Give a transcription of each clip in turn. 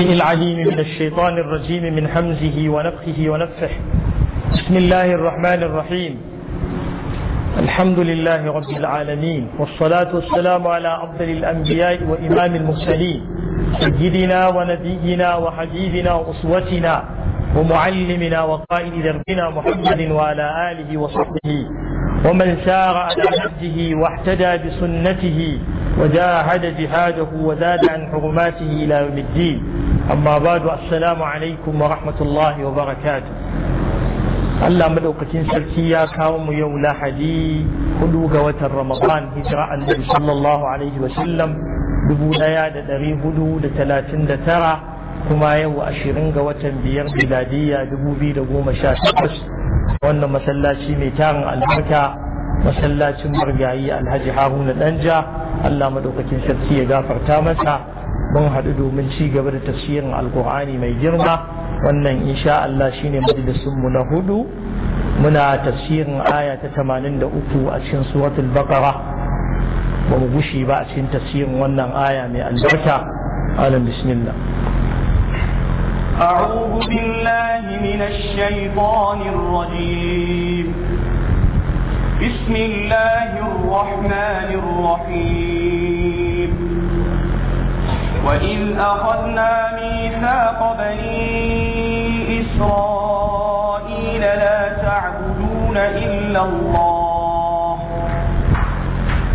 الله العليم من الشيطان الرجيم من حمزه ونفخه ونفخه بسم الله الرحمن الرحيم الحمد لله رب العالمين والصلاة والسلام على أفضل الأنبياء وإمام المرسلين سيدنا ونبينا وحبيبنا وأسوتنا ومعلمنا وقائد دربنا محمد وعلى آله وصحبه ومن سار على نهجه واحتدى بسنته وجاهد جهاده وزاد عن حرماته إلى يوم الدين أما بعد السلام عليكم ورحمة الله وبركاته Allah maɗaukacin sarki ya kawo mu yau lahadi hudu ga watan Ramadan hijira annabi sallallahu alaihi wa sallam dubu daya da dari hudu da talatin da tara kuma yau ashirin ga watan biyar miladiyya dubu biyu da goma sha takwas wannan masallaci mai tarin albarka masallacin margayi alhaji haruna danja allah madaukakin sarki ya gafarta masa mun haɗu domin ci gaba da tafsirin alkur'ani mai girma wannan insha allah shine mu na hudu muna tafsirin aya ta 83 a cikin suratul baqara ba mu gushi ba a cikin tafsirin wannan aya mai albarka alam bismillah أعوذ بالله من الشيطان الرجيم بسم الله الرحمن الرحيم وإذ أخذنا ميثاق بني إسرائيل لا تعبدون إلا الله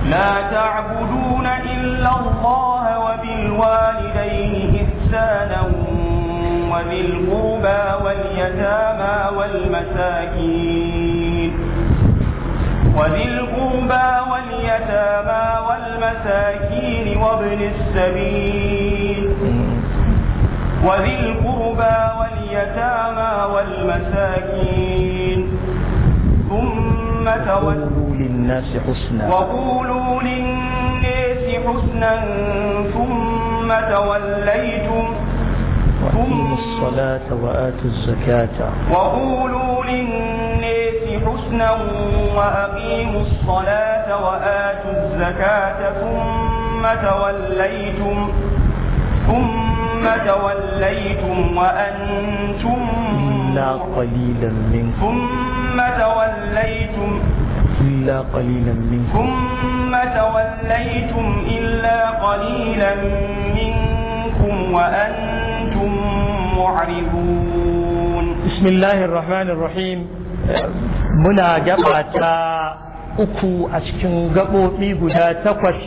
لا تعبدون إلا الله وبالوالدين إحسانا وبالقربى واليتامى والمساكين وذي القربى واليتامى والمساكين وابن السبيل وذي القربى واليتامى والمساكين ثم تولوا للناس حسنا وقولوا للناس حسنا ثم توليتم ثم الصلاة وآتوا الزكاة وقولوا للناس حسنا وأقيموا الصلاة وآتوا الزكاة ثم توليتم ثم توليتم وأنتم إلا قليلا منكم ثم توليتم إلا قليلا منكم ثم توليتم إلا قليلا منكم وأنتم معرضون بسم الله الرحمن الرحيم muna gaba ta uku a cikin gaɓoɓi guda takwas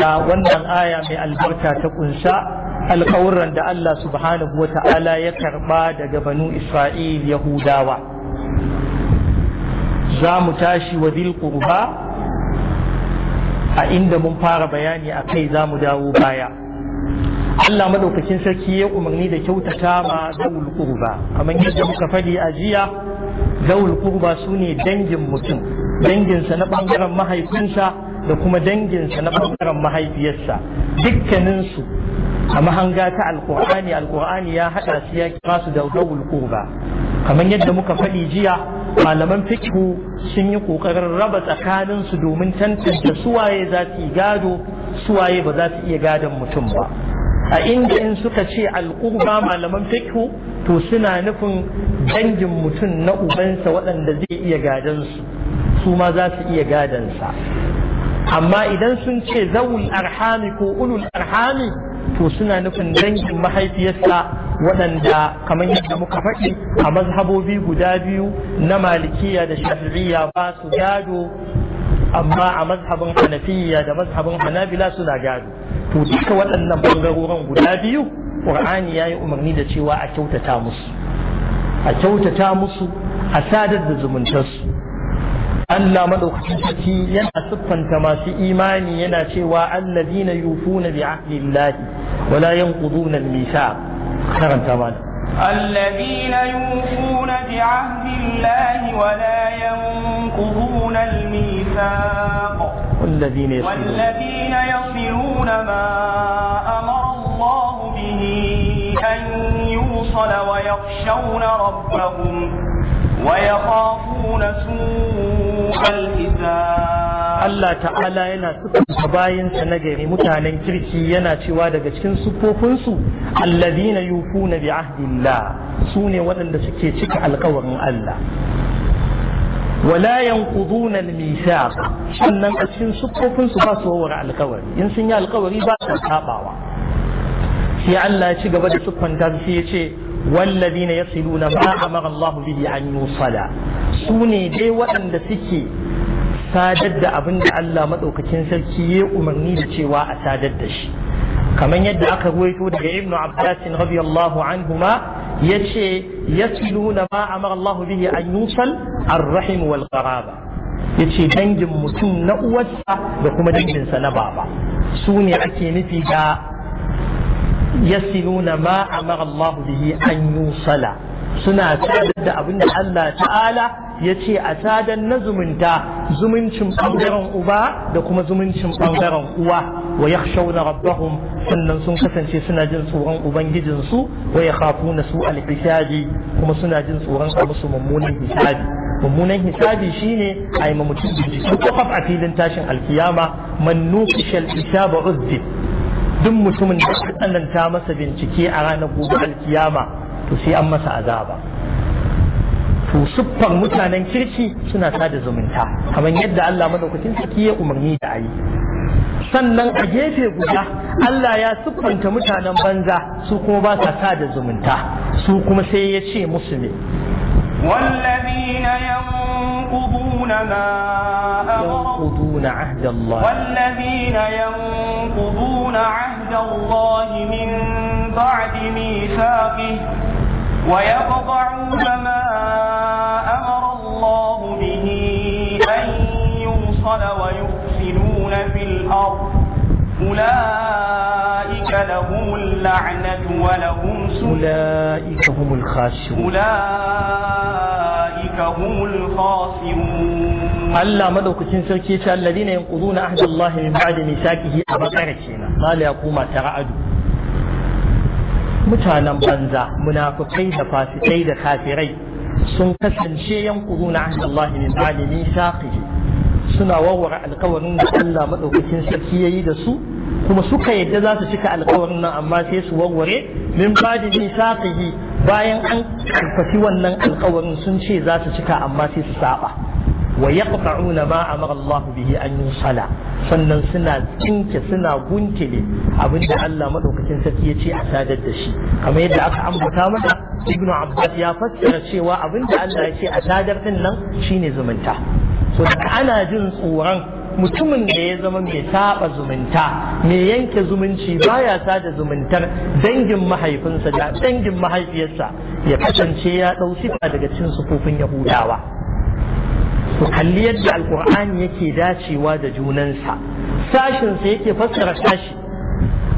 da wannan aya mai albarka ta kunsa alƙawuran da Allah subhanahu wa ta'ala ya karɓa daga banu Isra'il Yahudawa za mu tashi wa qurba a inda mun fara bayani a kai za mu dawo baya Allah maɗaukacin sarki ya umarni da kyautata ma zaul qurba kamar yadda muka faɗi a jiya zawul kurba su ne dangin mutum danginsa na ɓangaren mahaifinsa da kuma danginsa na ɓangaren mahaifiyarsa dukkaninsu a mahanga ta alkur'ani alkur'ani ya haɗa su ya kira su da zawul kurba kamar yadda muka faɗi jiya malaman fikihu sun yi ƙoƙarin raba tsakaninsu domin tantance suwaye za su yi gado suwaye ba za su iya gadon mutum ba a inda in suka ce al'uba malaman fikhu to suna nufin dangin mutum na ubansa waɗanda zai iya gadon su su ma za su iya gadon sa amma idan sun ce zawul arhami ko ulul arhami to suna nufin dangin mahaifiyarsa waɗanda kamar yadda muka faɗi a mazhabobi guda biyu na malikiya da shafi'iyya ba su gado amma a mazhabin hanafiyya da mazhabin hanabila suna gado to duka waɗannan bangarorin guda biyu ƙur'ani ya yi umarni da cewa a kyautata musu a kyautata musu a sadar da zumuntarsu Allah maɗaukacin sarki yana siffanta masu imani yana cewa allazina yufuna bi ahdillahi wala yanquduna al-mithaq karanta mana الذين يوفون بعهد الله ولا ينقضون الميثاق والذين يصلون, والذين يصلون ما أمر الله به أن يوصل ويخشون ربهم ويخافون سوء الحساب Allah ta'ala yana sukanta bayansa na gari mutanen kirki yana cewa daga cikin sufofinsu allazina yufuna bi ahdillah sune waɗanda suke cika alkawarin Allah wala yanquduna al-mithaq sannan a cikin sufofinsu ba su wawar alkawari in sun yi alkawari ba su sabawa sai Allah ya ci gaba da sukwanta sai ya ce wallazina yasiluna ma amara Allah bihi an yusala sune dai waɗanda suke sadar da abin da Allah maɗaukakin sarki ya umarni da cewa a sadar da shi kamar yadda aka ruwaito daga ibnu abbas radiyallahu anhuma yace yasluna ma amara Allah bihi an yusal ar-rahim wal qaraba yace dangin mutum na uwarsa da kuma danginsa na baba su ne ake nufi da yasluna ma amara Allah bihi an yusala suna sadar da abin da Allah ta'ala ya ce a sadar na zumunta zumuncin ɓangaren uba da kuma zumuncin ɓangaren uwa wa ya shauna rabbahum sannan sun kasance suna jin tsoron ubangijinsu wa ya kafu na su alhisabi kuma suna jin tsoron a musu mummunan hisabi mummunan hisabi shine a yi mutum bincike kwakwaf a filin tashin alkiyama man nukishal hisaba uzzi duk mutumin da aka tsananta masa bincike a ranar gobe alkiyama to sai an masa azaba to mutanen kirki suna sada zumunta kamar yadda Allah madaukakin sarki ya umarni da ayi sannan a gefe guda Allah ya siffanta mutanen banza su kuma ba sa sada zumunta su kuma sai ya ce musu ne والذين ينقضون ما ينقضون عهد الله والذين ينقضون عهد الله من بعد ميثاقه ويقطعون ما أمر الله به أن يوصل ويفسدون في الأرض أولئك لهم اللعنة ولهم سوء أولئك هم الخاسرون أولئك هم الخاسرون الله مدوك تنسر كيسا الذين ينقضون أهد الله من بعد ميثاقه أبقى كينا ما ليقوم يقوم ترعدوا mutanen banza munafukai da fasikai da kafirai sun kasance yankuru na Allah min ba'di misaqihi suna warware alkawarin da Allah madaukakin sarki yayi da su kuma suka yadda za su cika alkawarin nan amma sai su warware min ba'di misaqihi bayan an karfafi wannan alkawarin sun ce za su cika amma sai su saba wa yaqta'una ma amara Allah bihi an sala, sannan suna tsinke suna guntile abinda Allah madaukakin sarki ya ce a sadar da shi kamar yadda aka ambata mana Ibn Abbas ya fassara cewa abinda Allah ya ce a sadar din nan shine zumunta so ana jin tsoron mutumin da ya zama mai saba zumunta mai yanke zumunci baya sada zumuntar dangin mahaifinsa da dangin mahaifiyarsa ya kasance ya ɗau sifa daga cin sufufin yahudawa Muhalli kalli yadda alkur'ani yake dacewa da junansa sashinsa yake fassara sashi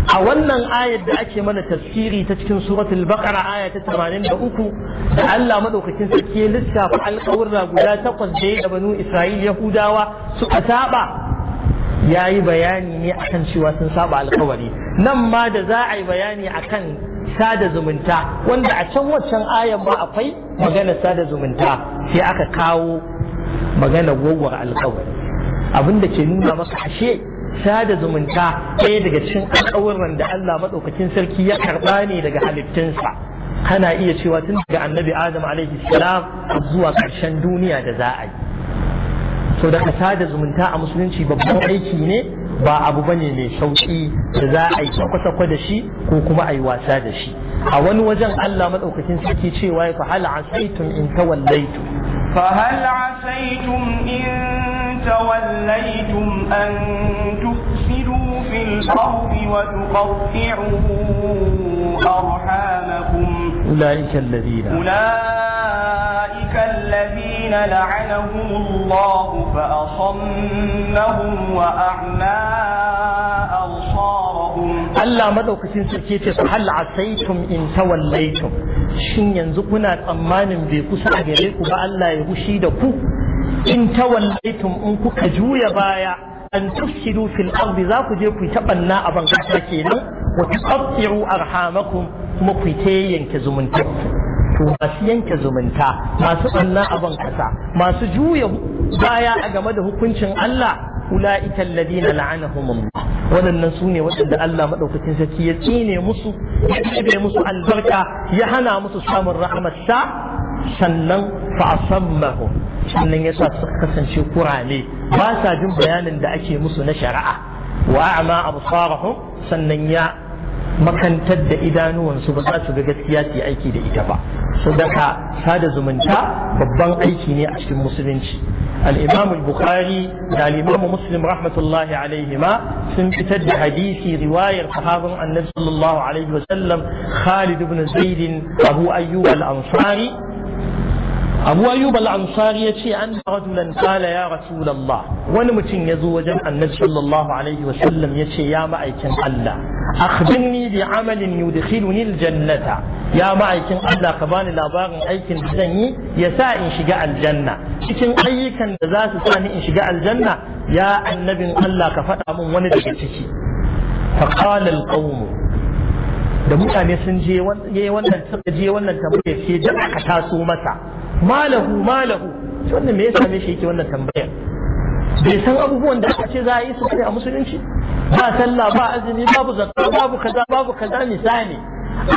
a wannan ayar da ake mana tafsiri ta cikin suratul baqara aya ta 83 da Allah madaukakin sarki ya lissafa alƙawarra guda takwas da ya banu Isra'il Yahudawa su saba yayi bayani ne akan cewa sun saba alƙawari nan ma da za a yi bayani akan sada zumunta wanda a can waccan ayan ma akwai magana sada zumunta sai aka kawo magana gogwar abin abinda ke nuna maka ashe sada zumunta ɗaya daga cikin alƙawuran da Allah maɗaukakin sarki ya karɓa ne daga halittunsa kana iya cewa tun daga annabi adam alaihi salam zuwa ƙarshen duniya da za a yi so da sada zumunta a musulunci babban aiki ne ba abu bane mai sauƙi da za a yi kwakwa da shi ko kuma a yi wasa da shi a wani wajen Allah maɗaukakin sarki cewa ya fa hal asaitum in wallaitu. فهل عسيتم إن توليتم أن تفسدوا في الأرض وتقطعوا أرحامكم أولئك الذين أولئك الذين لعنهم الله فأصمهم وأعمى أبصارهم Allah maɗaukacin sarki ce su hal asaitum in tawallaitum shin yanzu kuna tsammanin bai kusa a gare ku ba Allah ya hushi da ku in tawallaitum in kuka juya baya an tufsidu fil ardi za ku je ku tabanna a ban kasa kenan wa tuqti'u arhamakum kuma ku ta yanke zumunta to masu yanke zumunta masu banna a ban kasa masu juya baya a game da hukuncin Allah أولئك الذين لعنهم الله waɗannan su ne waɗanda Allah maɗaukacin sarki ya tsine musu ya ɗebe musu albarka ya hana musu samun rahmatsa sannan fa'asammahu sannan ya sa su kasance kurame ba sa jin bayanin da ake musu na shari'a wa a'ma absarahum sannan ya makantar da idanuwansu ba za su ga gaskiya su yi aiki da ita ba sadaka sada zumunta babban aiki ne a cikin musulunci الإمام البخاري الإمام مسلم رحمة الله عليهما سنتد حديثي رواية صحابة النبي صلى الله عليه وسلم خالد بن زيد أبو أيوب الأنصاري abu ayyub al-ansari ya ce an rajulan qala ya rasulallah, wani mutum ya zo wajen annabi sallallahu alaihi wasallam ya ce ya ma'aikin Allah akhbirni bi amalin yudkhiluni al-jannata ya ma'aikin Allah ka bani labarin aikin da zan yi ya sa in shiga aljanna cikin ayyukan da za su sa ni in shiga aljanna ya annabin Allah ka faɗa min wani daga ciki faqala al-qawm da mutane sun je wannan suka je wannan ce da aka taso masa malahu malahu shi wannan me ya same shi yake wannan tambayar bai san abubuwan da aka ce za a yi su a musulunci ba sallah ba azumi babu zakka babu kaza babu kaza misali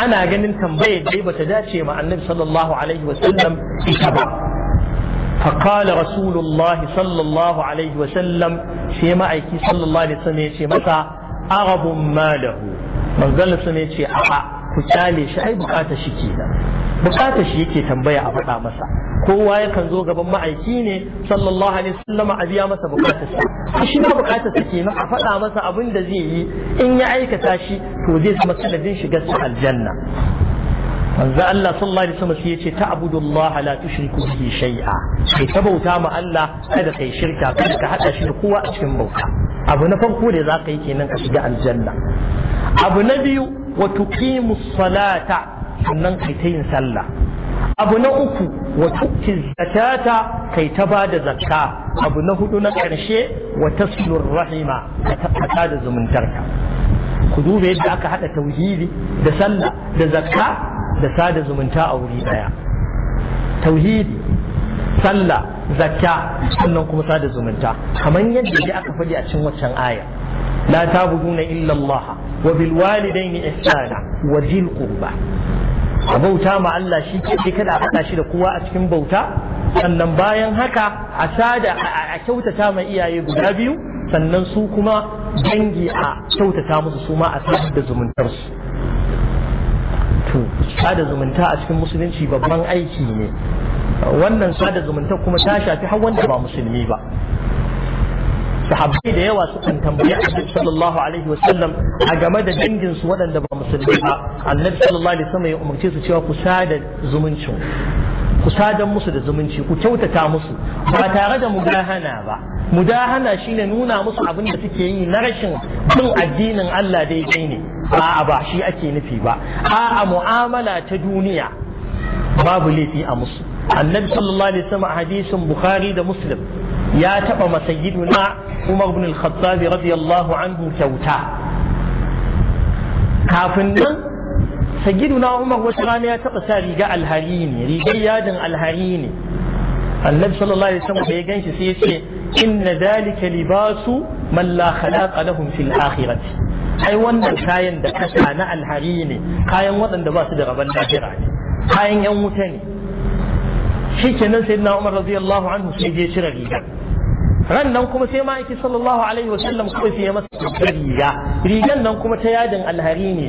ana ganin tambayar dai bata dace ma annabi sallallahu alaihi wa sallam ita ba فقال رسول الله صلى الله عليه وسلم شيء ما أيكي صلى الله عليه وسلم شيء متى أغب ما له من قال سميتي أحا ku kyale shi ai bukata shi ke nan bukata shi yake tambaya a faɗa masa kowa yakan zo gaban ma'aiki ne sallallahu alaihi wasallam a biya masa bukatar sa shi ma bukatar sa kenan a faɗa masa abin da zai yi in ya aikata shi to zai zama sanadin aljanna manzo Allah sallallahu alaihi wasallam sai yace ta'budu Allah la tushriku bihi shay'a kai ta bauta ma Allah kada kai shirka kada ka hada shi da kowa a cikin bauta abu na farko da zaka yi kenan ka shiga aljanna abu na biyu wa tuqimu sannan kai ta yin sallah abu na uku wa tuqi zakata kai ta ba da zakka abu na hudu na karshe wa taslur rahima ka tabbata da zumuntarka ku duba yadda aka hada tauhidi da sallah da zakka da sada zumunta a wuri daya tauhidi sallah zakka sannan kuma sada zumunta kamar yadda aka faɗi a cikin waccan aya la tabuduna illa Allah wa bil walidaini ihsana wa zil qurba a bauta ma Allah shi ke kada a shi da kowa a cikin bauta sannan bayan haka a sada a kyautata ma iyaye guda biyu sannan su kuma dangi a kyautata musu su ma a sada da zumuntarsu to sada zumunta a cikin musulunci babban aiki ne wannan sada zumunta kuma ta shafi har wanda ba musulmi ba sahabbai da yawa sukan tambayi annabi sallallahu alaihi wasallam a game da dangin su waɗanda ba musulmi ba annabi sallallahu alaihi wasallam ya umarce su cewa ku sada zumuncin ku sadan musu da zumunci ku kyautata musu ba tare da mudahana ba mudahana shine nuna musu abin da suke yi na rashin bin addinin Allah daidai ne a'a ba shi ake nufi ba a'a mu'amala ta duniya babu laifi a musu annabi sallallahu alaihi wasallam a hadisin bukhari da muslim ya taɓa masayiduna umar bin al-khattab radiyallahu anhu kyauta kafin nan sayyiduna umar wata rana ya taɓa sa riga alhari ne rigar yadin alhari ne annabi sallallahu alaihi wasallam ya ganshi sai ya ce inna dalika libasu man la khalaqa lahum fil akhirati ai wannan kayan da kasa na alhari ne kayan waɗanda ba su da rabon lahira ne kayan yan wuta ne shikenan sayyidina umar radiyallahu anhu sai ya cire rigar ran nan kuma sai ma'aiki sallallahu alaihi wa sallam kuma sai ya masa riga rigan nan kuma ta yadin alhari ne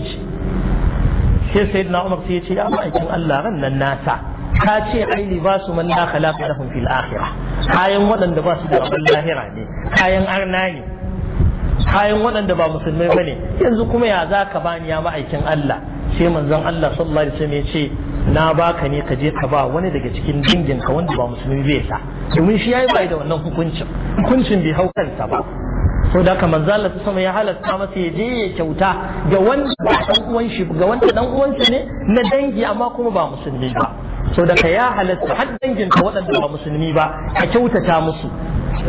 ce sai Umar sai ya ce ya ma'aikin Allah ran nan nasa ka ce ai libasu man la khalaqa lahum fil akhirah kayan waɗanda ba su da abin lahira ne kayan arna ne kayan waɗanda ba musulmai bane yanzu kuma ya zaka bani ya ma'aikin Allah sai manzon Allah sallallahu alaihi wasallam ya ce na baka ne ka je ka ba wani daga cikin dangin ka wanda ba musulmi bai sa domin shi yayi bai da wannan hukuncin hukuncin bai hau kansa ba so da kamar zalla ta sama ya halatta masa ya je ya kyauta ga wanda dan uwan shi ga wanda dan uwan shi ne na dangi amma kuma ba musulmi ba so da ka ya halatta har dangin ka waɗanda ba musulmi ba ka kyautata musu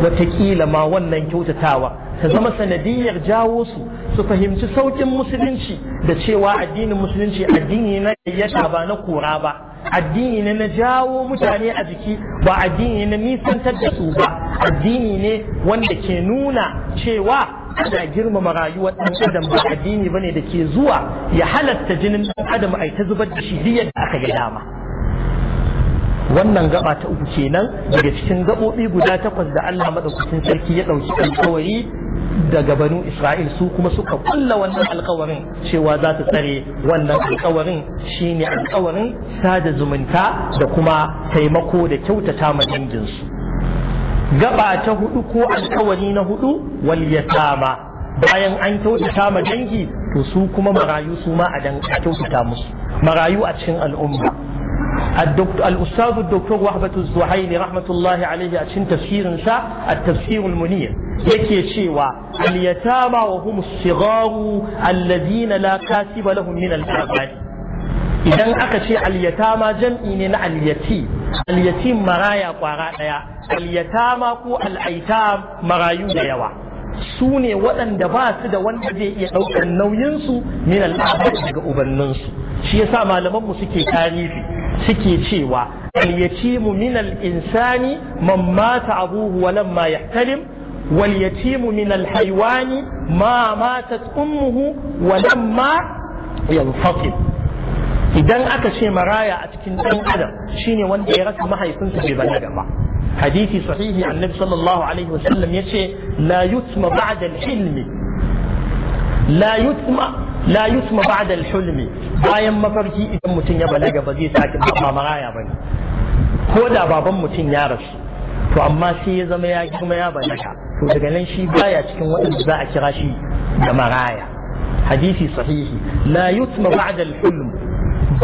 wataƙila ma wannan kyautatawa ta zama sanadiyar jawo su su fahimci saukin musulunci da cewa addinin musulunci addini na gayyata ba na kura ba addini ne na jawo mutane a jiki ba addini na nisantar da su ba addini ne wanda ke nuna cewa ana girmama rayuwar ɗan adam ba addini bane da ke zuwa ya halatta jinin ɗan adam ai ta zubar da shi yadda aka ga dama wannan gaba ta uku kenan daga cikin gabobi guda takwas da Allah madaukakin sarki ya ɗauki alkawari daga banu Isra'il su kuma suka kulla wannan alkawarin cewa za su tsare wannan alkawarin shine alkawarin sada zumunta da kuma taimako da kyautata ma danginsu gaba ta hudu ko alkawari na hudu wal yatama bayan an kyautata ma dangi to su kuma marayu su ma a kyautata musu marayu a cikin al'umma الأستاذ الدكتور وهبة الزهيني رحمة الله عليه أشن a نساء التفسير المنير يكي شيوا اليتامى وهم الصغار الذين لا كاتب لهم من الكبائر idan aka ce alyatama jam'i ne na alyati alyatim maraya kwara daya alyatama ko al'aitam marayu da yawa su waɗanda ba su da wanda zai iya ɗaukar nauyinsu min al'adar daga ubanninsu shi yasa malamanmu suke tarihi suke cewa al-yatimu min al-insani man abuhu wa lam ma yahtalim wal yatimu min al-haywani ma matat ummuhu wa lam ma idan aka ce maraya a cikin ɗan adam shine wanda ya rasa mahaifinsa bai balaga ba hadisi sahihi annabi sallallahu alaihi wasallam yace la yutma ba'da al-hilmi la yutma Layut yusma ba'da hulmi bayan mafarki idan mutum ya balaga ba zai sake ba maraya bane ko da baban mutum ya rasu to amma sai ya zama ya girma ya balaga to daga nan shi baya cikin waɗanda za a kira shi da maraya hadisi sahihi la yusma ba'da al-hulm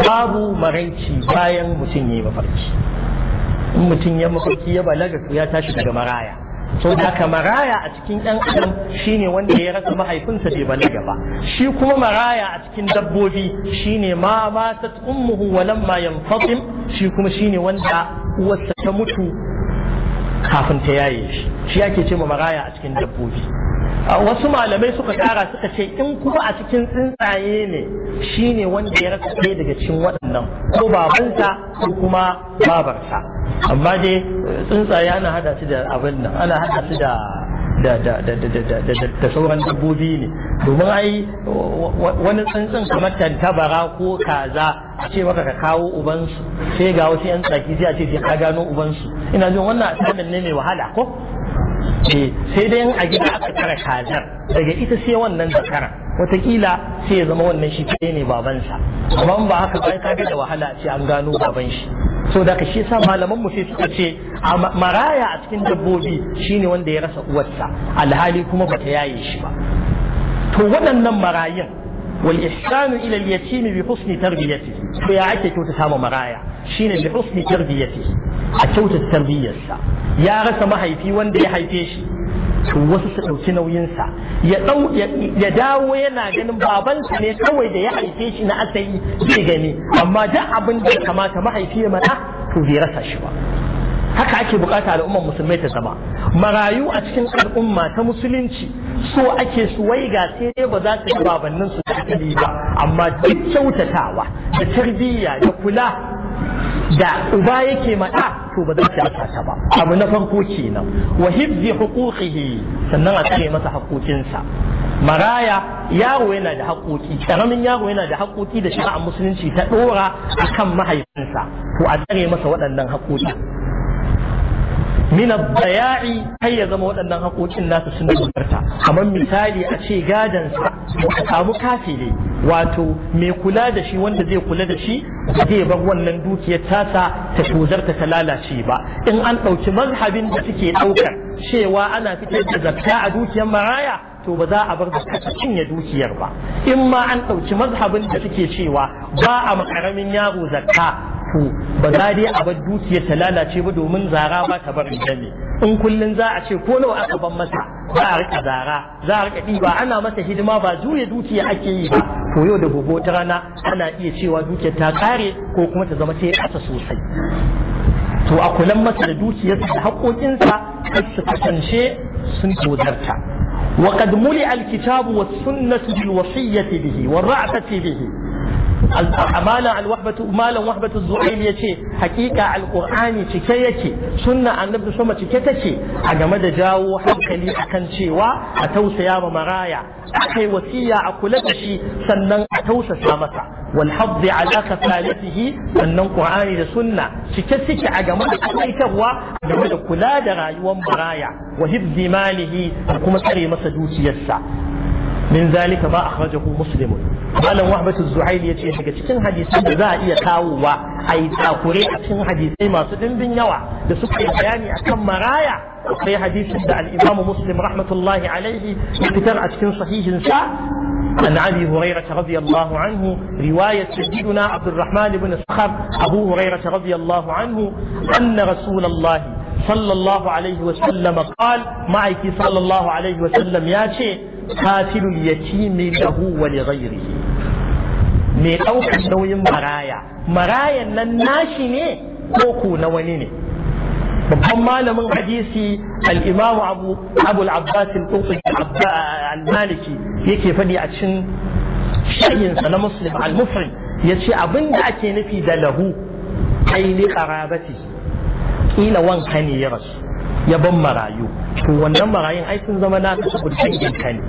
babu maraici bayan mutum ya yi mafarki in mutum ya mafarki ya balaga ya tashi daga maraya so da aka maraya a cikin ɗan adam shine wanda ya rasa mahaifinsa bai balaga ba shi kuma maraya a cikin dabbobi shine ma matat ummuhu wa lamma yanfatim shi kuma shine wanda uwarsa ta mutu kafin ta yaye shi shi ake ce ma maraya a cikin dabbobi wasu malamai suka kara suka ce in kuma a cikin tsuntsaye ne shine wanda ya rasa ɗaya daga cikin waɗannan ko babansa ko kuma babarsa amma dai eh, tsuntsaye ana hada su da abin nan ana hada su da da da da da da da da sauran dabbobi ne domin ai wani tsantsan kamar tantabara ko kaza a ce maka ka kawo ubansu sai ga wasu yan tsaki sai a ce sai ka gano ubansu ina jin wannan asamin ne mai wahala ko eh sai dai a gida aka kara kazar daga ita sai wannan zakara watakila sai ya zama wannan shi ne babansa amma ba haka ba ka da wahala ce an gano baban shi so da shi sa malaman mu sai suka ce maraya a cikin dabbobi shine wanda ya rasa uwarsa alhali kuma bata yaye shi ba to waɗannan marayan wal ihsanu ila al yatim bi husni tarbiyati to ya ake kyautata ma maraya shine bi husni tarbiyati a kyautata tarbiyyarsa ya rasa mahaifi wanda ya haife shi wasu su ɗauki nauyinsa ya dawo yana ganin babansa ne kawai da ya haife shi na asali zai gani amma duk abin da kamata mahaifi ya mana to bai rasa shi ba haka ake bukata al'ummar musulmai ta zama marayu a cikin al'umma ta musulunci so ake su wai ga sai dai ba za su ga babannin su da ba amma duk kyautatawa da tarbiyya da kula da uba yake maɗa to ba zan aka ta ba abu na farko kenan wa hibzi huquqihi sannan a tsare masa haƙoƙinsa maraya yaro yana da haƙoƙi ƙaramin yaro yana da haƙoƙi da shi'a musulunci ta ɗora akan mahaifinsa to a tsare masa waɗannan haƙoƙi min ad-daya'i kai ya zama waɗannan haƙoƙin nasu suna bukarta kamar misali a ce gadan sa samu kafile wato mai kula da shi wanda zai kula da shi zai bar wannan dukiyar tasa ta tozar ta lalace ba in an ɗauki mazhabin da suke ɗaukar cewa ana fitar da zakka a dukiyar maraya to ba za a bar da cinye dukiyar ba in ma an ɗauki mazhabin da suke cewa ba a makaramin yaro zakka ba za dai a bar dukiyar ta lalace ba domin zara ba ta barin dame in kullun za a ce ko nawa aka ban masa za a rika zara za a rika ɗiba ana masa hidima ba juya dukiya ake yi ba to yau da gobe ta rana ana iya cewa dukiyar ta kare ko kuma ta zama ta ƙasa sosai to a kulan masa da dukiyarsa da haƙoƙinsa su kasance sun tozarta وقد ملئ الكتاب والسنة بالوصية به والرأفة به malam alwahbatu malam wahbatu zuhail yace hakika alqur'ani cike yake sunna annabi sama cike take a game da jawo hankali akan cewa a tausaya ma maraya akai wasiya a kula da shi sannan a tausasa masa wal haddi ala kafalatihi sannan qur'ani da sunna cike cike a game da a game da kula da rayuwar maraya wa hibzi malihi da kuma tsare masa dukiyarsa min zalika ba akhrajahu muslim malam wahbatu zuhaili yace daga cikin hadisan da za a iya kawowa ai takure a cikin hadisai masu dimbin yawa da suka yi bayani akan maraya akwai hadisin da al-imamu muslim rahmatullahi alaihi ya fitar a cikin sahihin sa عن ابي هريره رضي الله عنه روايه سيدنا عبد الرحمن بن الصخر ابو هريره رضي الله عنه ان رسول الله صلى الله عليه وسلم قال معك صلى الله عليه وسلم يا شيخ katilul yatimi lahu wa li ghairihi mai ɗaukar nauyin maraya marayan nan nashi ne ko ku na wani ne babban malamin hadisi al-imamu abu al-abbas al-maliki yake faɗi a cikin shayin na muslim al ya yace abin da ake nufi da lahu ai li qarabati wanka ne ya rasu ya ban marayu to wannan marayun ai sun zama naka saboda dangin ka ne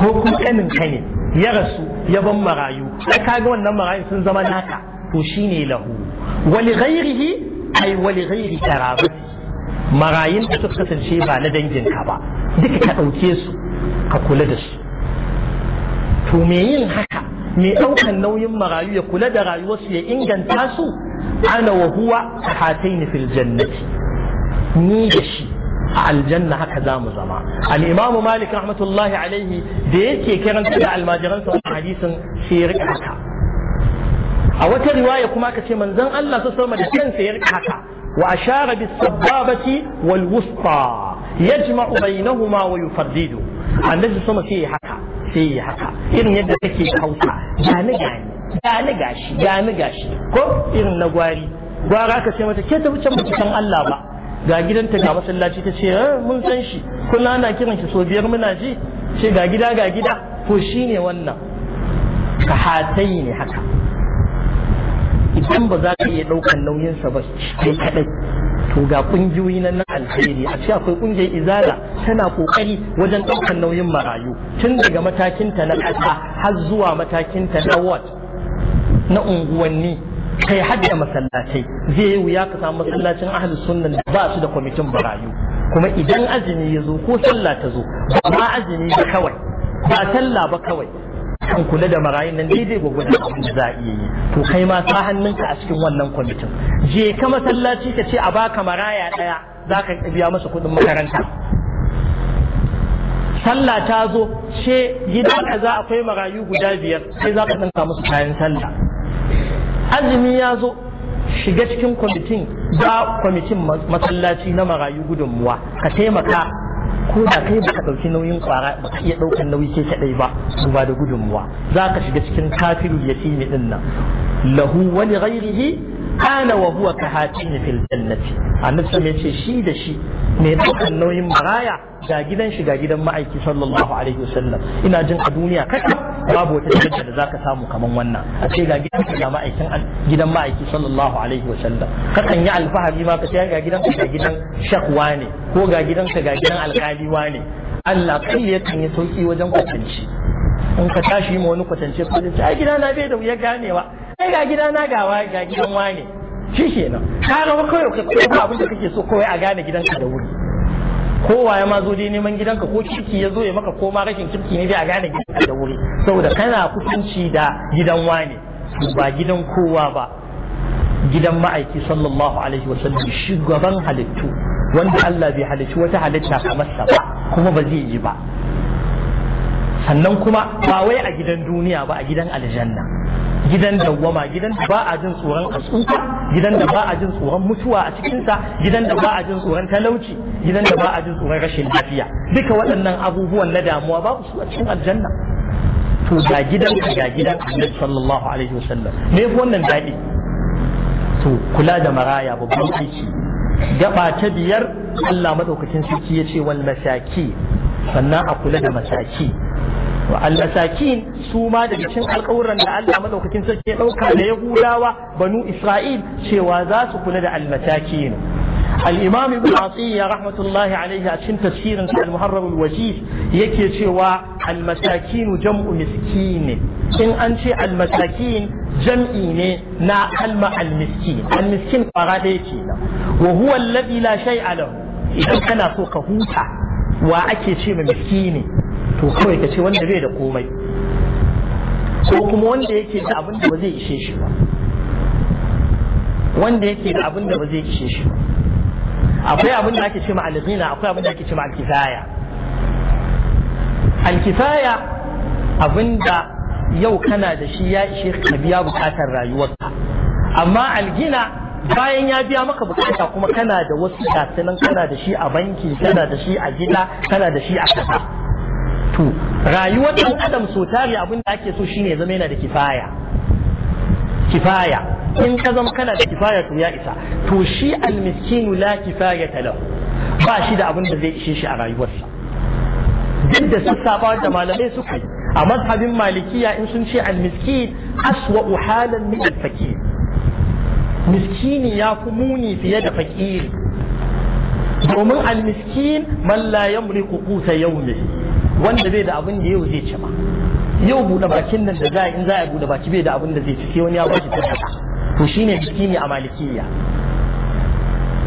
ko kuma kanin ka ne ya rasu ya ban marayu ai ga wannan marayun sun zama naka to shine lahu wali ghairihi ai wali ghairi karabati marayun da suka kasance ba na dangin ka ba duka ka dauke su ka kula da su to me yin haka me ɗaukan nauyin marayu ya kula da rayuwarsu ya inganta su ana wa huwa ni fil jannati ni da shi a aljanna haka za mu zama al-imam malik rahmatullahi alaihi da yake karanta da almajiran sa hadisin sai rika haka a wata riwaya kuma ka ce manzon Allah sa sama da kansa ya rika haka wa ashara bis sababati wal wusta yajma'u bainahuma wa yufaddidu annabi sama sai haka sai haka irin yadda take Hausa gani gani gani gashi gani gashi ko irin na gwari gwara ka ce mata ke ta wuce mutan Allah ba ga gidanta ga masallaci ta ce eh, mun san shi kuna ana kiran shi so biyar muna ji ce ga gida ga gida ko ne wannan kahatai ne haka idan ba za ka iya ɗaukan nauyinsa ba kai kaɗai to ga ƙungiyoyi na alheri a ce akwai ƙungiyar izala tana ƙoƙari wajen ɗaukan nauyin marayu tun daga matakinta na ƙasa har zuwa matakinta na ward na unguwanni kai hadda masallacai zai yi wuya ka samu masallacin ahli sunnan da ba su da kwamitin barayu kuma idan azumi ya zo ko sallah ta zo ba azumi ba kawai ba sallah ba kawai kan kula da marayun nan daidai gwagwadon abin da za a iya yi to kai ma sa hannunka a cikin wannan kwamitin je ka masallaci ka ce a baka maraya daya zaka ka biya masa kuɗin makaranta sallah ta zo ce gida za akwai marayu guda biyar sai za ka musu kayan sallah azumi ya zo shiga cikin kwamitin ba kwamitin masallaci na marayu gudunmuwa ka taimaka ko da kai baka ɗauki nauyin kwara baka iya ɗaukar nauyi ke kaɗai ba duba da gudunmuwa za ka shiga cikin kafirul yatimi din nan lahu wani li ghairihi kana wa huwa ka hatimi fil jannati annabi sai ce shi da shi mai ɗaukar nauyin maraya ga gidan shi ga gidan ma'aiki sallallahu alaihi wasallam ina jin a duniya kaɗai babu wata daraja da za ka samu kaman wannan a ce ga gidan ka ma'aikin gidan ma'aiki sallallahu alaihi wa sallam kakan yi alfahari ma ka ce ga gidan ka ga gidan shakwa ne ko ga gidan ka ga gidan alkali ne Allah kai ya kan yi sauki wajen kwatanci in ka tashi ma wani kwatance ko ce ai gida na bai da wuya ganewa ai ga gida na gawa ga gidan wane shi kenan ka rawa kawai ka koyi abin da kake so kawai a gane gidanka da wuri kowa ya ma zo dai neman gidanka ko kirki ya zo ya maka ko ma rashin kirki ne dai a gane gidanka da wuri saboda kana kusanci da gidan wani ba gidan kowa ba gidan ma'aiki sallallahu alaihi wasallam shugaban halittu wanda Allah bai halicci wata halitta kamar sa ba kuma ba zai yi ba sannan kuma ba wai a gidan duniya ba a gidan aljanna gidan dawwama gidan da ba a jin tsoron asuka gidan da ba a jin tsoron mutuwa a cikinsa gidan da ba a jin tsoron talauci gidan da ba a jin tsoron rashin lafiya duka waɗannan abubuwan na damuwa babu su a cikin aljanna to ga gidan ka ga gidan annabi sallallahu alaihi wasallam me yafi wannan daɗi to kula da maraya babban aiki gaba ta biyar Allah madaukakin sarki ya ce wal masaki sannan a kula da masaki al suma da ma daga alƙawuran da Allah madaukakin sarki ya ɗauka da ya Yahudawa banu Isra'il cewa za su kula da al-masakin al-Imam Ibn Atiyya rahmatullahi alaihi a cikin tafsirin sa al-Muharrar yake cewa al-masakin jam'u miskin in an ce al jam'i ne na kalma al-miskin al-miskin fara ɗaya kenan wa huwa alladhi la shay'a idan kana so ka huta wa ake ce ma miskini to kawai ka ce wanda bai da komai ko kuma wanda yake da abin da ba zai ishe shi ba wanda yake da abin da ba zai ishe shi ba akwai abin da ake ce ma alzina akwai abin da ake ce ma alkifaya alkifaya abin da yau kana da shi ya ishe ka biya bukatar rayuwarka amma algina bayan ya biya maka bukata kuma kana da wasu gasunan kana da shi a banki kana da shi a gida kana da shi a kasa to rayuwar ɗan adam so tare abin da ake so shine zama yana da kifaya kifaya in ka zama kana da kifaya to ya isa to shi almiskinu la kifaya talau ba shi da abin da zai ishe shi a rayuwarsa duk da sassafa da malamai suka yi a mazhabin malikiya in sun ce almiskin aswa halan min alfakir miskini ya fi muni fiye da fakiri domin almiskin man la yamliku quta yawmihi wanda bai da abin da yau zai ci ba yau buɗe bakin nan da za in za a buɗe baki bai da abin da zai ci sai wani ya ba shi sadaka to shine a malikiyya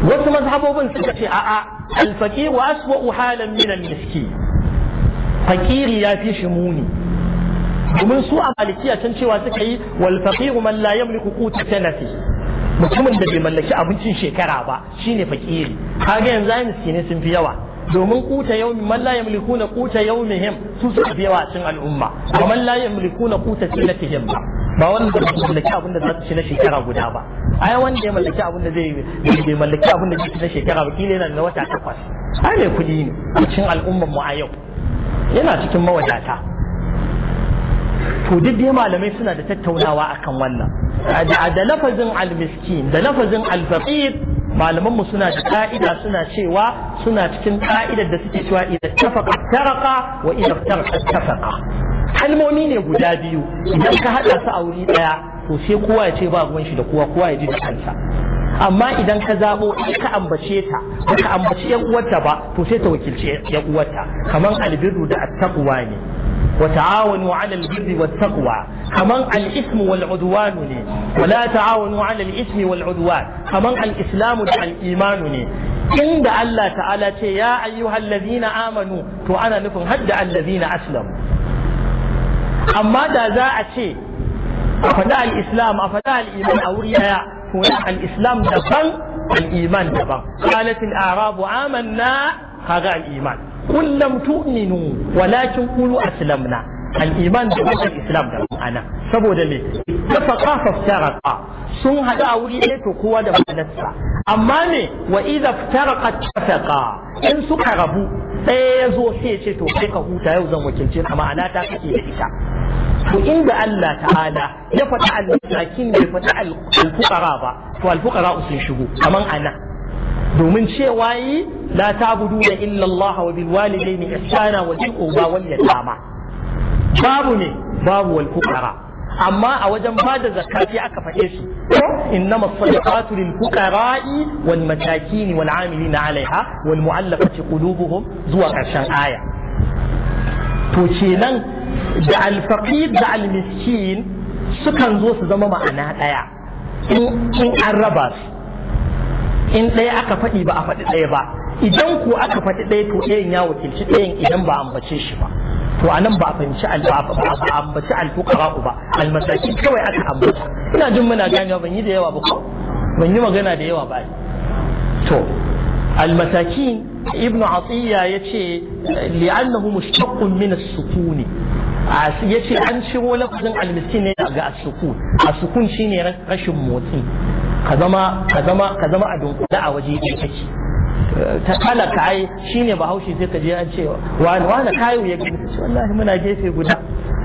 wasu mazhabobin suka ce a'a alfaqi wa aswa halan min almiski fakiri ya fi shi muni domin su a malikiya can cewa suka yi wal faqiru man la yamliku quta sanati mutumin da bai mallaki abincin shekara ba shine fakiri kaga yanzu ai miskine sun fi yawa domin kuta yaumi man la yamlikuna kuta yawmihim su suka fi yawa cin al'umma wa man la yamlikuna kuta sinatihim ba ba wanda ba su mallaki abin za su ci na shekara guda ba ai wanda ya mallaki abin zai bai mallaki abin zai ci na shekara ba kila yana da wata takwas ai mai kuɗi ne a cikin al'umman mu a yau yana cikin mawadata to duk dai malamai suna da tattaunawa akan wannan da lafazin miskin da lafazin alfaqir malaman mu suna da ka'ida suna cewa suna cikin ka'idar da suke cewa idan tafaka taraka wa idan taraka tafaka kalmomi ne guda biyu idan ka hada su a wuri daya to sai kowa ya ce ba ruwan shi da kowa kowa ya ji da kansa amma idan ka zabo in ka ambace ta ba ka ambaci yan uwarta ba to sai ta wakilce yan uwarta kamar albiru da attaqwa ne وتعاونوا على البر والتقوى همان الاسم والعدوان ولا تعاونوا على الاثم والعدوان همان الاسلام والايمان عند الله تعالى يا ايها الذين امنوا تو انا نفهم هدى الذين اسلموا اما ذا اتي افدا الاسلام افدا الايمان او ريايا هنا الاسلام دبان الايمان دبان قالت الاعراب امنا هذا الايمان قل لم تؤمنوا ولكن قولوا أسلمنا الإيمان بوجه الإسلام ده أنا سبود لي اتفقا فافترقا سن هذا أولي تقوى ده معنسا أما ني وإذا افترقت اتفقا إن سكا rabu. ɗaya ya zo sai ce to kai ka huta yau zan wakilce ka ma'ana ta kake da ita to inda Allah ta'ala ya faɗi bai faɗi al ba to sun shigo kaman anan domin cewa yi la gudu da illa Allah wa bil walidaini ihsana wa bil uba wal yatama babu ne babu wal fuqara amma a wajen bada zakati aka faɗe su innama sadaqatu lil fuqara'i wal masakin wal amilina alaiha wal mu'allafati qulubuhum zuwa karshen aya to kenan da al da al miskin sukan zo su zama ma'ana daya in an raba su in ɗaya aka faɗi ba a faɗi ɗaya ba idan ko aka faɗi ɗaya to ɗayan ya wakilci ɗayan idan ba ambace shi ba to a nan ba a fahimci ba a ambaci alfuqara ba almasaki kawai aka ambata ina jin muna ganewa ban yi da yawa ba ko ban yi magana da yawa ba to almasakin ibnu atiya yace li'annahu mushtaqqun min as-sukuni ya ce an ciro lafazin almiskin ne daga asukun asukun shine rashin motsi ka zama ka zama ka zama a dunkule a waje ɗaya kake ta talaka ai shine bahaushe sai ka je an ce wani wani kayo ya wallahi muna gefe guda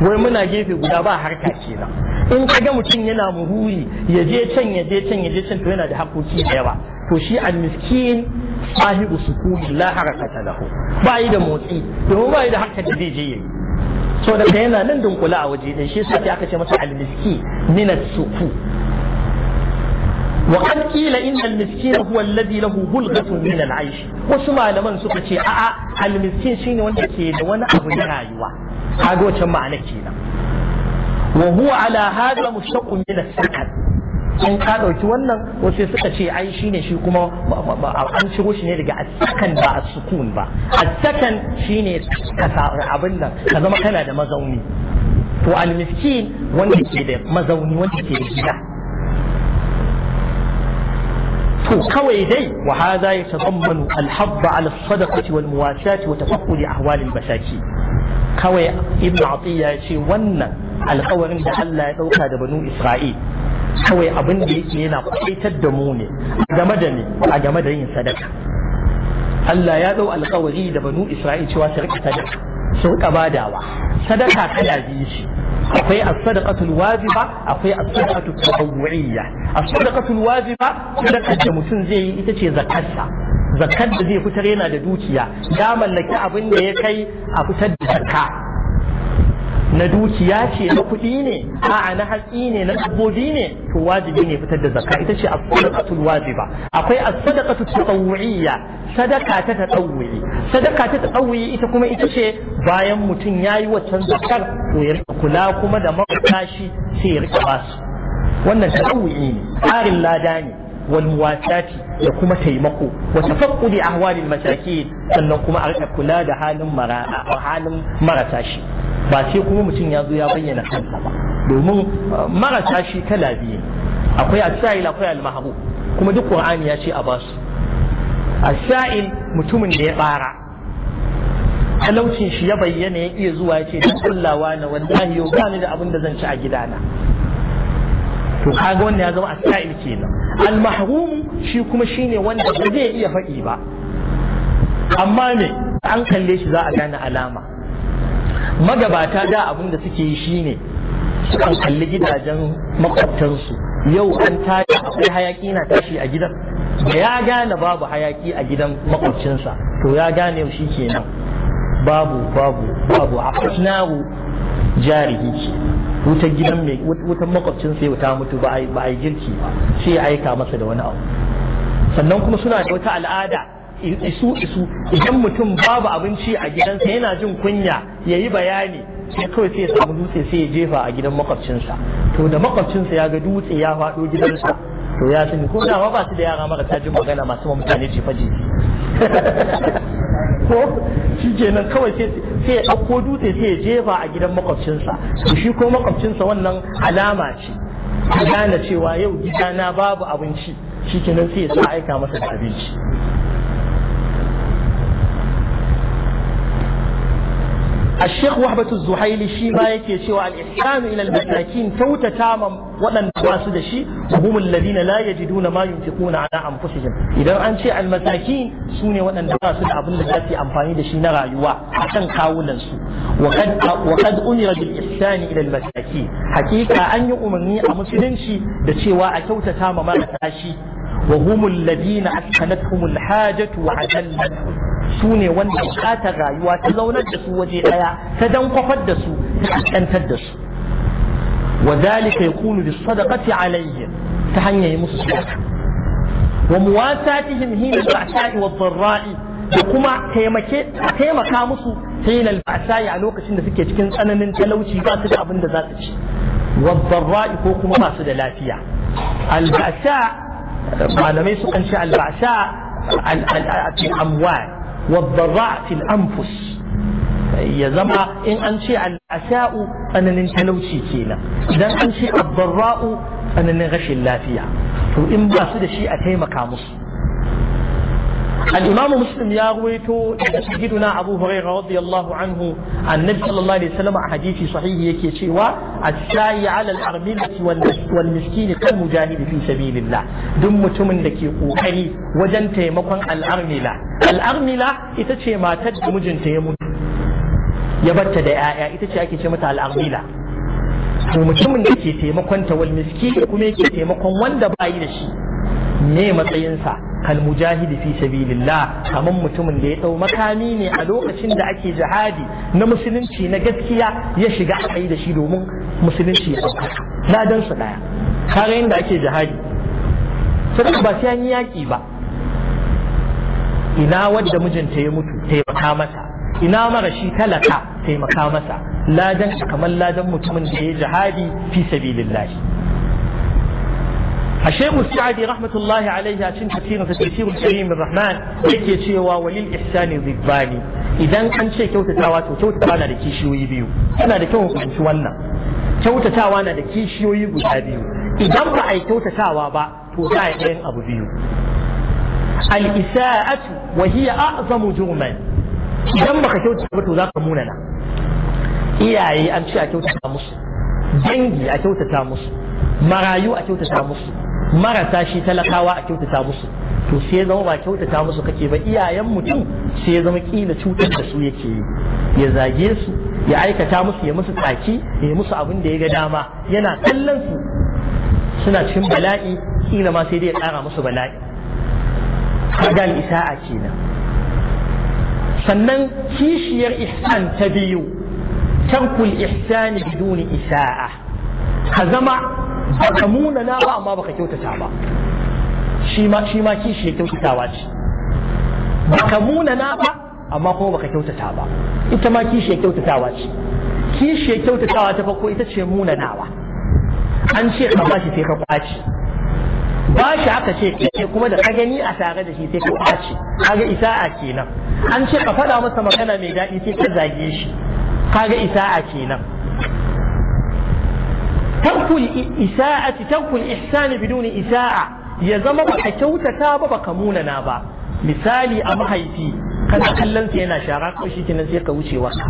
wai muna gefe guda ba harka kenan in ka ga mutum yana muhuri ya je can ya je can ya je can to yana da hakoki da yawa to shi almiskin sahibu sukuni la harakata lahu ba yi da motsi domin ba yi da harka da zai je yayi so da yana nan dunkula a waje ɗaya shi yasa aka ce masa almiski minat suku وقد قيل إن المسكين هو الذي له بلغة من العيش وسمع لمن سكتي أأ المسكين شيني وانا كيد وانا أبو نرايوة هاقو تما كينا وهو على هذا مشتق من السكن in ka ɗauki wannan wasu suka ce ai shi ne shi kuma an ciro shi ne daga asakan ba a sukun ba asakan shi ne abin nan ka zama kana da mazauni to almiskin wanda ke da mazauni wanda ke da gida to kawai dai wa hadha yatadammanu al-habb ala as-sadaqati wal muwasati wa tafaqqudi ahwal al basaki. kawai ibn atiya ya ce wannan alƙawarin da Allah ya dauka da banu isra'il kawai abin da yake yana kwaitar da mu ne game da ne a game da yin sadaka Allah ya dau alƙawari da banu isra'il cewa su rika sadaka su rika badawa sadaka kala biyu ce akwai as wajiba akwai as-sadaqatut tatawwu'iyya wajiba sadaqar da mutum zai yi ita ce zakarsa zakar da zai fitar yana da dukiya ya mallaki abin da ya kai a fitar da zakka na dukiya ce na kuɗi ne a'a na haƙi ne na dabbobi ne to wajibi ne fitar da zakka ita ce as-sadaqatul wajiba akwai as-sadaqatu tatawwiyya sadaka ta tatawwi sadaka ta tatawwi ita kuma ita ce bayan mutum yayi waccan zakkar to ya kula kuma da makashi sai ya rika basu wannan tatawwi ne tsarin lada ne wal muwasati da kuma taimako wa tafaqqudi ahwalil masakin sannan kuma a kula da halin halin marasa shi ba sai kuma mutum ya zo ya bayyana kansa ba domin marasa shi kala biyu akwai asail akwai almahabu kuma duk qur'ani ya ce a basu asail mutumin da ya bara talaucin shi ya bayyana ya iya zuwa ya ce da kullawa na wallahi yau ba ni da abin da zan ci a gidana to kaga wanda ya zama asa'il kenan al-mahrum shi kuma shine wanda ba zai iya faɗi ba amma ne an kalle shi za a gane alama magabata da abin da suke yi shine sukan kalli gidajen makwabtansu yau an tashi akwai hayaki na tashi a gidan da ya gane babu hayaki a gidan makwabcinsa to ya gane shi kenan babu babu babu a jarihi ce wutar gidan mai wutar makwabcin sai wuta mutu ba a yi girki ba sai ya aika masa da wani abu sannan kuma suna da wata al'ada isu isu idan mutum babu abinci a gidansa yana jin kunya ya yi bayani sai kawai sai ya samu dutse sai ya jefa a gidan makwabcinsa to da makwabcinsa ya ga dutse ya faɗo gidansa to ya sani ko na ba su da yara marasa jin magana masu mutane jefa jefi ko shi kenan kawai sai sai ya ɗauko dutse sai ya jefa a gidan makwabcinsa to shi ko makwabcinsa wannan alama ce gane cewa yau gidana babu abinci shi kenan sai ya sa aika masa da abinci الشيخ وهبة الزحيلي شي ما يكي شوى الإحسان إلى المساكين توت تاما ولن تواصل شيء وهم الذين لا يجدون ما ينفقون على أنفسهم إذا أن شيء المساكين سوني ولن تواصل أبن الذاتي أنفاني دشي نرى يوا عشان قاولا سو وقد, وقد أمر بالإحسان إلى المساكين حقيقة أن يؤمني أمسلنشي دشي وأتوت تاما ما تاشي وهم الذين أسكنتهم الحاجة وعجلتهم su ne wanda bukatar rayuwa ta zaunar da su waje ɗaya ta dan kwafar da su ta kaskantar da su wa zalika yakunu bis sadaqati alayhi ta hanyar musu sadaka wa muwasatihim hina basai wad dharra'i da kuma taimake taimaka musu hina basai a lokacin da suke cikin tsananin talauci ba su da abin da za su ci wad dharra'i ko kuma ba su da lafiya al-ba'sa malamai sukan ce al-ba'sa al وضرعت الانفس يا زما ان انشي العشاء انا ننحلوشي كينا دان انشي الضراء انا نغشي اللافيه تو باسد شيء اتيمك مسلم الإمام مسلم يا رويتو سيدنا أبو هريرة رضي الله عنه عن النبي صلى الله عليه وسلم حديث صحيح يكي شوى السعي على الأرملة والمسكين كالمجاهد في سبيل الله دم تمن دكي قوكري وجن تيمقن الأرملة الأرملة إتشي ما تد مجن تيمون يبت دعايا إتشي أكي شمت الأرملة to mutumin da ke taimakon ta wal miski kuma yake taimakon wanda bayi da shi me matsayinsa kal mujahidi fi sabilillah kaman mutumin da ya dau makami ne a lokacin da ake jihadi na musulunci na gaskiya ya shiga akai da shi domin musulunci ya dauka ladan su daya kaga inda ake jihadi sai ba sai an yaki ba ina wadda mijinta ya mutu taimaka masa ina mara shi talaka taimaka masa ladan kamar ladan mutumin da ya jihadi fi sabilillah الشيخ السعدي رحمة الله عليه أتشن في تفسير الكريم الرحمن يكي شيوا وللإحسان ضدان إذا أن شيء كوتا تاواتو كوتا تاوانا لكي شوي يبيو أنا لكي وقمت وانا كوتا تاوانا لكي شوي بيو إذا رأي كوتا تاوا با توزاي بين أبو بيو الإساءة وهي أعظم جرما إذا ما كوتا تاواتو ذاك موننا إياي أمشي أكوتا تامس dangi جنجي kyautata musu marayu a kyautata musu marasa shi talakawa a kyautata musu to sai zama ba kyautata musu kake ba iyayen mutum sai ya zama kila cutar da su yake yi ya zage su ya aikata musu ya musu tsaki ya musu abin da ya ga dama yana kallon su suna cikin bala'i kila ma sai dai ya tsara musu bala'i kagal isa'a kenan sannan kishiyar ihsan ta biyu tarkul ihsani biduni isa'a ka zama ka muna na ba amma baka kyautata ba shi ma shi ma kishi ya kyautatawa ce ba ka muna na ba amma kuma baka kyautata ba ita ma kishi ya kyautatawa ce kishi ya kyautatawa ta farko ita ce muna nawa an ce ka bashi sai ka kwace. ba aka ce kai kuma da ka gani a tare da shi sai ka kwaci kaga isa'a kenan an ce ka faɗa masa magana mai daɗi sai ka zage shi kaga isa'a kenan tarkul isa'ati tarkul ihsani biduni isa'a ya zama ba ka kyautata ba ba ka munana ba misali a mahaifi kana kallon sa yana shara ko shi kenan sai ka wuce wasa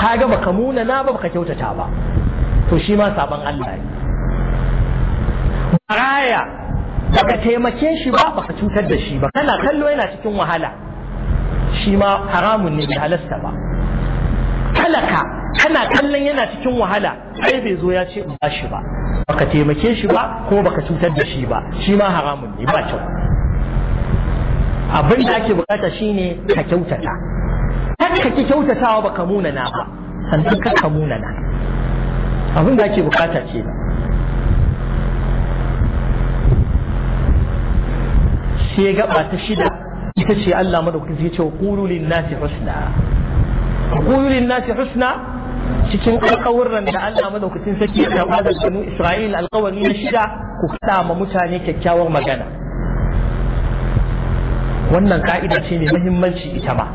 kaga ba ka munana ba ba ka kyautata ba to shi ma saban Allah ne baraya baka taimake shi ba baka cutar da shi ba kana kallo yana cikin wahala shi ma haramun ne bai halasta ba talaka kana kallon yana cikin wahala ai bai zo ya ce in ba shi ba baka taimake shi ba kuma baka cutar da shi ba shi ma haramun ne ba kyau abin da ake bukata shine ka kyautata kan ka ki kyautatawa baka munana ba sannan ka ka munana abin da ake bukata ce ba sai gaba ta shida ita ce Allah madaukakin sai ya ce qulu lin nasi husna qulu lin nasi husna cikin alƙawurran da Allah madaukakin saki ya karɓa da banu Isra'il alƙawari na shida ku faɗa ma mutane kyakkyawar magana wannan ka'ida ce mai muhimmanci ita ma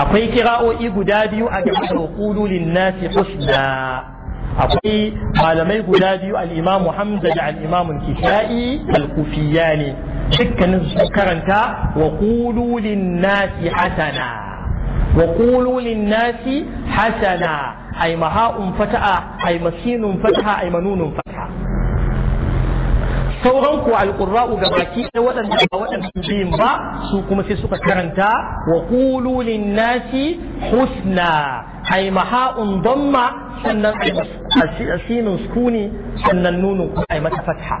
akwai kira'o'i guda biyu a game da qulu lin-nasi husna akwai malamai guda biyu al-Imam Hamza da al-Imam Kishai al-Kufiyani dukkanin su karanta wa qulu lin-nasi hasana وقولوا للناس حسنا أي مهاء فتحة أي مسين فتحة أي منون فتحة Sauranku Al-Qurra'u ga baki ɗaya waɗanda ba waɗanda biyun ba su kuma sai suka karanta wa qulu lin-nasi husna ay maha'un damma sannan asinun sukuni sannan nunun kuma ay mata fatha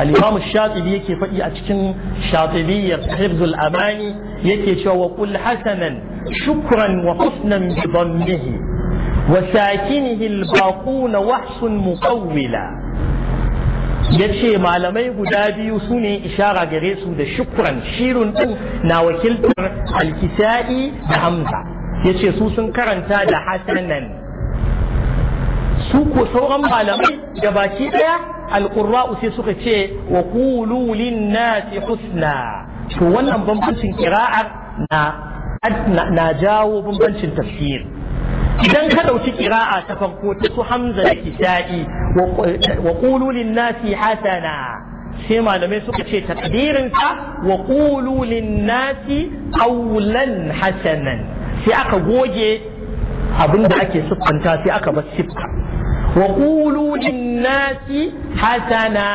al-imam shatibi yake faɗi a cikin shatibiyyar hifzul amani yake cewa wa qul hasanan شكرا وحسنا بضمه وساكنه الباقون وحش مقولا ya ce malamai guda biyu su ne ishara gare su da shukran shirin ɗin na wakiltar alkisa'i da hamza ya ce su sun karanta da hasanan su ko sauran malamai da baki ɗaya alƙurra'u sai suka ce wa kululin nasi husna to wannan bambancin kira'ar na na jawo bambancin tafsir idan ka ɗauki ƙira'a ta farko ta su hamza da kisa'i wa qulu lin nasi hasana sai malamai suka ce takdirinsa wa qulu lin nasi qawlan hasanan sai aka goge abin da ake siffanta sai aka bar sifka wa qulu lin nasi hasana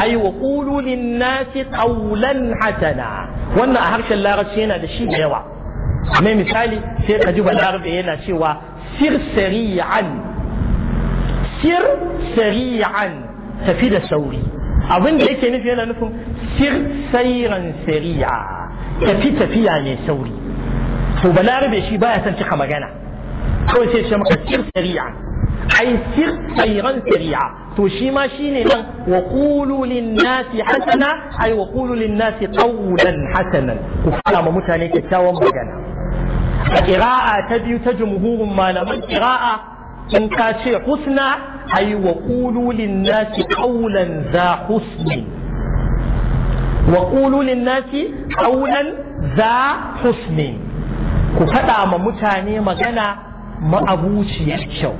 ai wa qulu nasi qawlan hasana wannan a harshen larabci yana da shi da yawa amma misali sai ka ji balarabe yana cewa sir sari'an sir sari'an tafi da sauri abin da yake nufi yana nufin sir sairan sari'a tafi tafiya ne sauri to balarabe shi baya son cika magana kawai sai ce maka sir sari'an haifir tsairan sari'a to shima ma shi ne nan wa ƙulu linnasi hasana ai wa ƙulu linnasi hasanan ku fara ma mutane kyakkyawan magana a ƙira'a ta biyu ta jumhurin malaman ƙira'a in ka ce husna ai wa ƙulu linnasi za husni ku faɗa ma mutane magana ya kyau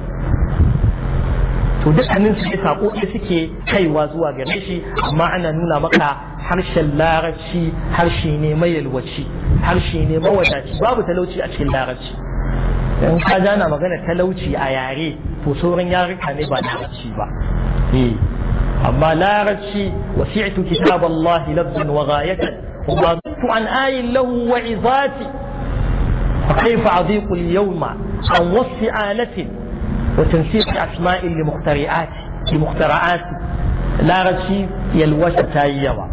to duk dukkanin su sako ɗaya suke kaiwa zuwa gare shi amma ana nuna maka harshen larabci harshe ne mai yalwaci harshe ne mawadaci babu talauci a cikin larabci in ka jana magana talauci a yare to sauran yaruka ne ba larabci ba amma larabci wasi'tu kitaballahi labdan wa ghayatan wa an ayin lahu wa izati fa kayfa adiqu al-yawma an wasi وتنسيق أسماء لمخترعات لمخترعات لا رشي يلوش تايوا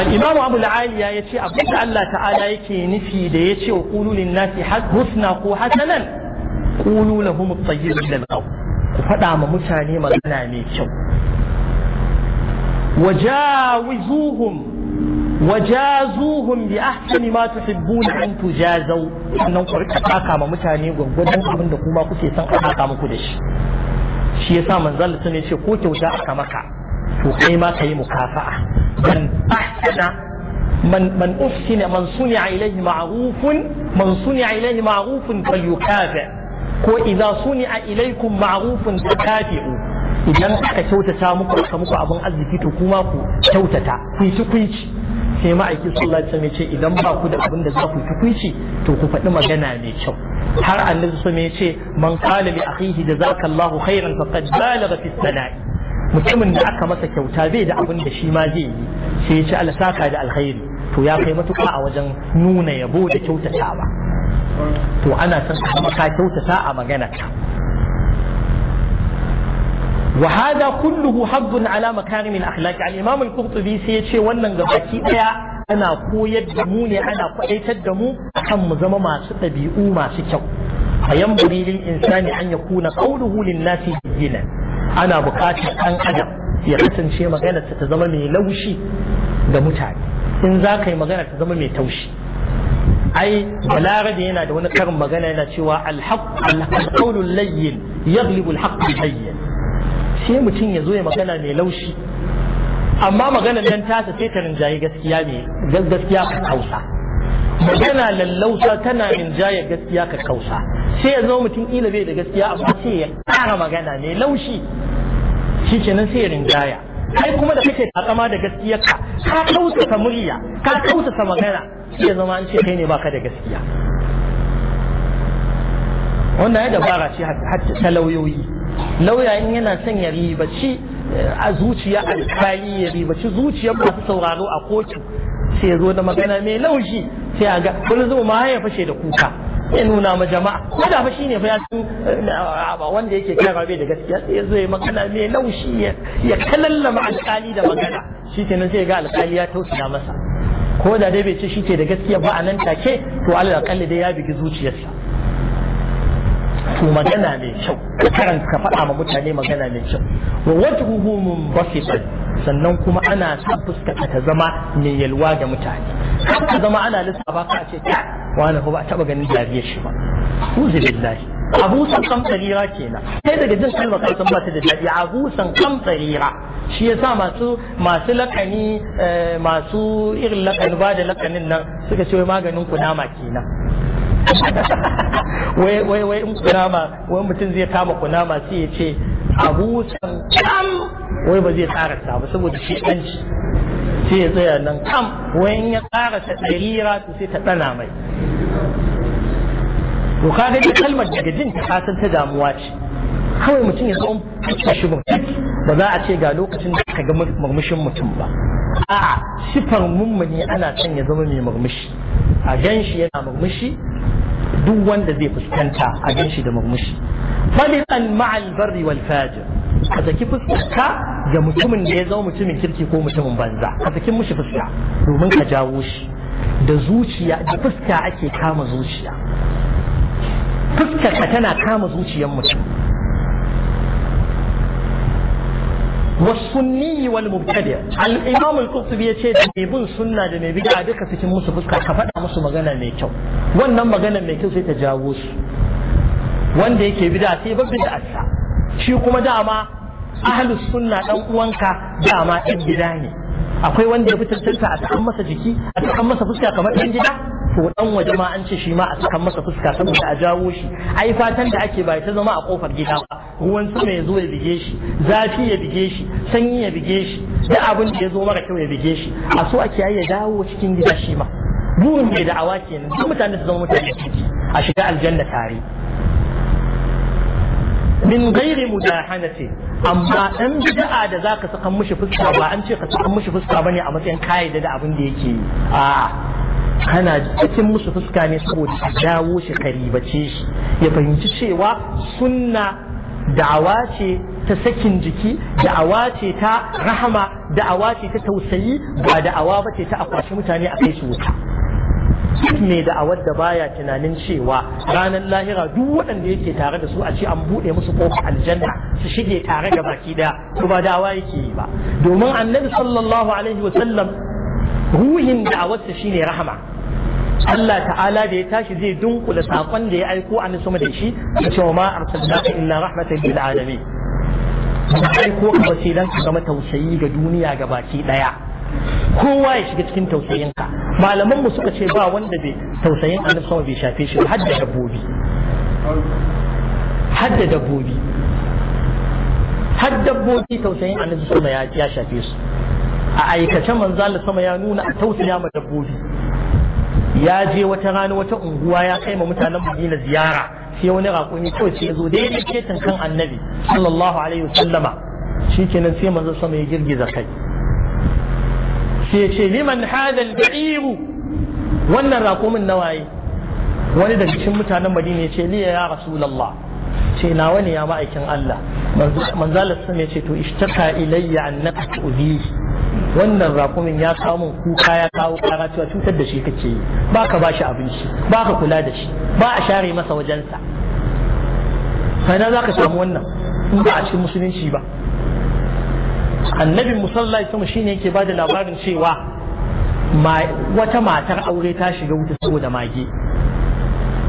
الإمام أبو العالية يتي أقول الله تعالى يكي نفي ديتي وقولوا للناس حسنا قو حسنا قولوا لهم الطيب من القول فدع ممتاني مغنى ميكو وجاوزوهم wajazuhum bi ahsani ma tuhibbuna an tujazaw sannan ku rika ma mutane gurgurdan abin da kuma kuke son a taka muku da shi shi yasa manzon sun ce ko kyauta aka maka to kai ma kai mukafa'a dan ahsana من man أحسن من صنع إليه معروف من صنع إليه معروف فليكافئ وإذا صنع إليكم معروف فكافئوا idan aka kyautata muku aka muku abin arziki to kuma ku kyautata ku yi tukunci sai ma'aikin sallallahu alaihi wasallam ce idan ba ku da abin da za ku tukunci to ku faɗi magana mai kyau har annabi sallallahu ya ce man qala li akhihi jazakallahu khairan faqad balagha fi sana'i mutumin da aka masa kyauta bai da abin da shi ma zai yi sai ya ce Allah saka da alkhairi to ya kai matuƙa a wajen nuna yabo da kyautatawa to ana son ka kyautata a maganarka wa hada kulluhu haddun ala makarimin akhlaqi al-imam al sai yace ce wannan gabaki ɗaya. ana koyar da mu ne ana kwaitar da mu akan mu zama masu ɗabi'u masu kyau A fayanburi lil insani an yakuna qawluhu lin nasi dinan ana bukatar ɗan adam ya kasance maganarsa ta zama mai laushi da mutane in za ka yi magana ta zama mai taushi ai balarabe yana da wani karin magana yana cewa alhaq alqawlul layyin yaghlibu alhaq alhayyin sai mutum ya zo ya magana mai laushi amma maganar nan tasa sai ta rinjaye gaskiya ne gaskiya ka kausa magana lallausa tana rinjaye gaskiya ka kausa sai ya zo mutum ila bai da gaskiya amma sai ya ƙara magana mai laushi shikenan sai rinjaya kai kuma da kake takama da gaskiyar ka ka ta murya ka ta magana sai ya zama an ce kai ne baka da gaskiya wannan ya dabara ce ta lauyoyi lauya in yana son ya ribaci eh, a zuciya alkali ya ribaci zuciyar masu sauraro a kotu sai zo da magana mai laushi sai a ga wani zo ma ya fashe da kuka ya nuna ma jama'a ko da fa shine fa ya san eh, wanda yake kira bai da gaskiya sai ya zo ya magana mai laushi ya kalallama alkali da magana shi kenan sai ga alkali ya tausaya masa ko da dai bai ce shi ke da gaskiya ba a nan take to alal kalli dai ya bigi zuciyarsa wato magana mai kyau ka karanta faɗa ma mutane magana mai kyau wa wajhuhu munbasitan sannan kuma ana san fuska ta zama mai yalwa ga mutane kar ka zama ana lissafa ka ce ta wani ba taba ganin jariyar shi ba uzu billahi abu san kam kenan sai daga jin kalmar kan san ba ta da daɗi abu san kam tsarira shi masu masu lakani eh, masu irin lakani ba da lakanin nan suka ce maganin kunama kenan wai wai wai in kunama wai mutum zai kama kunama sai ya ce abu can. kam wai ba zai karasa ba saboda shi dan shi sai ya tsaya nan kam wai in ya karasa darira to sai ta tsana mai to kaga ta kalmar daga jin ta san ta damuwa ce kawai mutum ya zo fuskar shi ba za a ce ga lokacin da ka ga murmushin mutum ba a'a sifar mummuni ana son ya zama mai murmushi a gan shi yana murmushi duk wanda zai fuskanta a gan shi da murmushi falikan ma'al barri wal fajir ka saki fuskanta ga mutumin da ya zama mutumin kirki ko mutumin banza ka saki mushi fuska domin ka jawo shi da zuciya da fuska ake kama zuciya fuskar ka tana kama zuciyar mutum wasunni wal mubtadi al-imam al-qurtubi yace da mai bin sunna da mai bid'a duka cikin musu fuska ka faɗa musu magana mai kyau wannan magana mai kyau sai ta jawo su wanda yake bid'a sai ba da assa shi kuma dama ahli sunna dan uwanka dama ɗan gida ne akwai wanda ya fitar a ta masa jiki a takan masa fuska kamar ɗan gida to dan waje ma an ce shi ma a sakan masa fuska saboda a jawo shi ai fatan da ake bai ta zama a kofar gida ba ruwan sama ya zo ya bige shi zafi ya bige shi sanyi ya bige shi da abin da ya zo mara kyau ya bige shi a so ake ya dawo cikin gida shi ma burin mai da'awa kenan duk mutane su zama mutane a shiga aljanna tare min gairi mudahanati amma dan bid'a da zaka saka mishi fuska ba an ce ka saka mishi fuska bane a matsayin kayyade da abin da yake yi a kana cikin musu fuska ne saboda dawo shi karibace shi ya fahimci cewa sunna da'awa ce ta sakin jiki da'awa ce ta rahama da'awa ce ta tausayi ba da'awa ba ce ta akwashi mutane a kai su wuta duk mai da'awar da baya tunanin cewa ranar lahira duk waɗanda yake tare da su a ce an buɗe musu kofar aljanna su shige tare ga baki ɗaya Su ba da'awa yake yi ba domin annabi sallallahu alaihi wa sallam ruhin da'awarsa shine rahama Allah ta'ala da ya tashi zai dunkula saƙon da ya aiko a sama da shi da cewa ma arsalna illa rahmatan lil alamin aiko ka wasilan ka zama tausayi ga duniya ga baki daya kowa ya shiga cikin tausayin ka malaman mu suka ce ba wanda bai tausayin annabi sama bai shafe shi har da dabbobi har da dabbobi har dabbobi tausayin annabi sama ya shafe su a aikace manzo Allah sama ya nuna a tausaya ma dabbobi ya je wata rana wata unguwa ya kai ma mutanen Madina ziyara sai wani raƙumi kawai ce zo daidai ketan kan annabi sallallahu alaihi wasallama shikenan sai manzo sama ya girgiza kai sai ce liman hadha al-ba'ir wannan raƙumin nawaye wani daga cikin mutanen Madina ya ce liya ya rasulullah ce nawa ne ya ma'aikin Allah manzo Allah sama ya ce to ishtaka ilayya annaka ubi wannan rakumin ya samu kuka ya kawo kara cewa cutar da shi kake yi ba ka ba shi abinci ba ka kula da shi ba a share masa wajensa sai za ka samu wannan in ba a cikin musulunci ba annabin musalla sama shine yake ba da labarin cewa wata matar aure ta shiga wuta saboda mage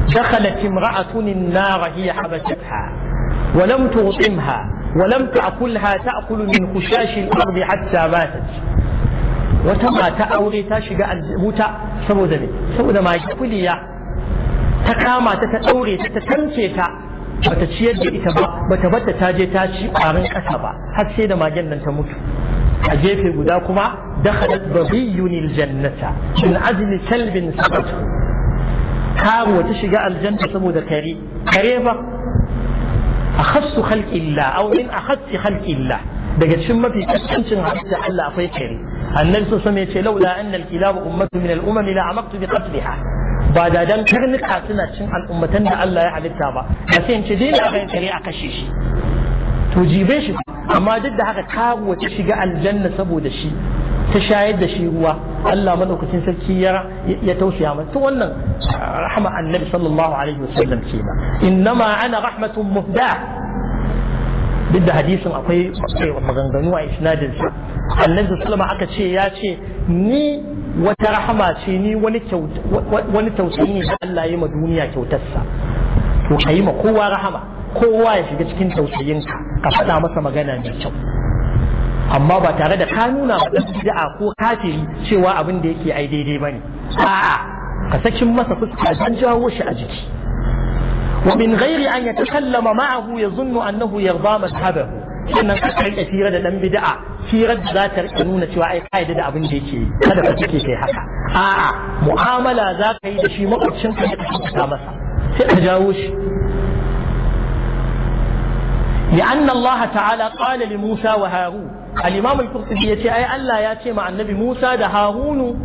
دخلت امرأة النار هي حبستها ولم تغطمها ولم تأكلها تأكل من خشاش الأرض حتى ماتت وتما تأوري تشجع أنت سبو ذلك سبو ما يقولي تكاما تتأوغي تتتمشي تا وتتشير دي إتبا وتبت تاجي تاشي قارن أسبا حد ما جنة تموت أجيب بداكما دخلت ضبي الجنة من عزل سلب سبته كاب وتشق الجنة سبو ذكري كريبا الله أو aw min خلق الله daga cikin mafi kaskancin hadisi Allah akwai kare annabi sun same ce laula anna al-kilab ummatu min al-umam la amaktu bi qatliha ba da dan karnuka suna cin al'ummatan da Allah ya halitta ba da sai in ce dai na kan kare a kashe shi to jibe shi amma duk da haka kawo shiga aljanna saboda shi ta shayar da shi ruwa Allah madaukakin sarki ya ya tausaya mata to wannan ah, rahma annabi sallallahu alaihi wasallam ce ba innama ana rahmatun muhda duk da hadisin akwai maganganu a isnadin sa annabi sallama aka ce ya ce ni wata rahama ce ni wani wani tausayi ne da Allah ya yi ma duniya kyautarsa to kayi ma kowa rahama kowa ya shiga cikin tausayinka ka faɗa masa magana mai kyau amma ba tare da ka nuna ba dan ko kafiri cewa abin da yake ai daidai ne. a'a ka sakin masa fuska dan jawo shi a jiki wa min ghairi an kallama ma'ahu zunnu annahu yarda mazhabahu sannan ka da fira da ɗan bida'a hirar da za ta rike nuna cewa ai kaida da abin da yake kada ka kike kai haka a'a mu'amala za ka yi da shi makwabcin ka ka masa sai ka jawo shi لأن الله تعالى قال لموسى وهارون al-imam al-qurtubi yace ai Allah ya ce ma annabi Musa da Harunu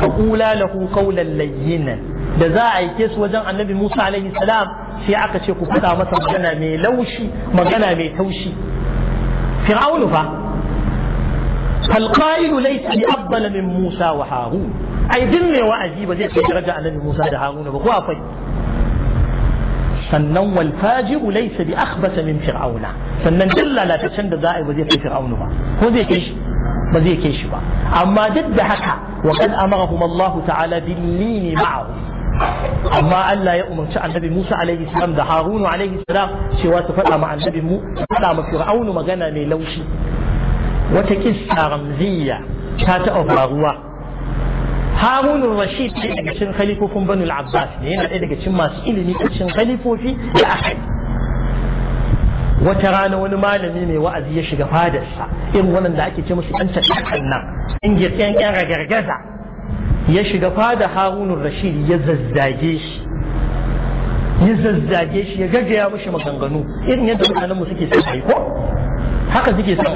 ka qula lahu qawlan layyinan da za a aikesu wajen annabi Musa alaihi salam sai aka ce ku faɗa masa magana mai laushi magana mai taushi fir'aunu fa falqa'ilu laysa bi afdala min Musa wa Harun ai din ne wa'azi ba zai kai daraja annabi Musa da Haruna ba ko akwai sannan wal fajiru laysa bi akhbata min fir'auna sannan dallala ta can da za a ba zai kai fir'aunu ba ko zai kai shi ba zai kai shi ba amma duk da haka wa kad amarahum Allah ta'ala bil lini ma'ahu amma Allah ya umarci annabi Musa alaihi salam da Harun alaihi salam cewa su faɗa ma annabi mu faɗa ma fir'aunu magana mai laushi wata kissa ramziya ta taɓa faruwa harunun rashid ne daga cikin khalifofin banul abbas ne yana ɗaya daga cikin masu ilimi a cikin khalifofi da aka wata rana wani malami mai wa'azi ya shiga fadarsa irin wannan da ake ce musu yan tattakan nan in gitsen yan ragargaza ya shiga fada harunun rashid ya zazzage shi ya zazzage shi ya gaggaya mashi maganganu irin yadda mutanen mu suke son ayi ko haka suke son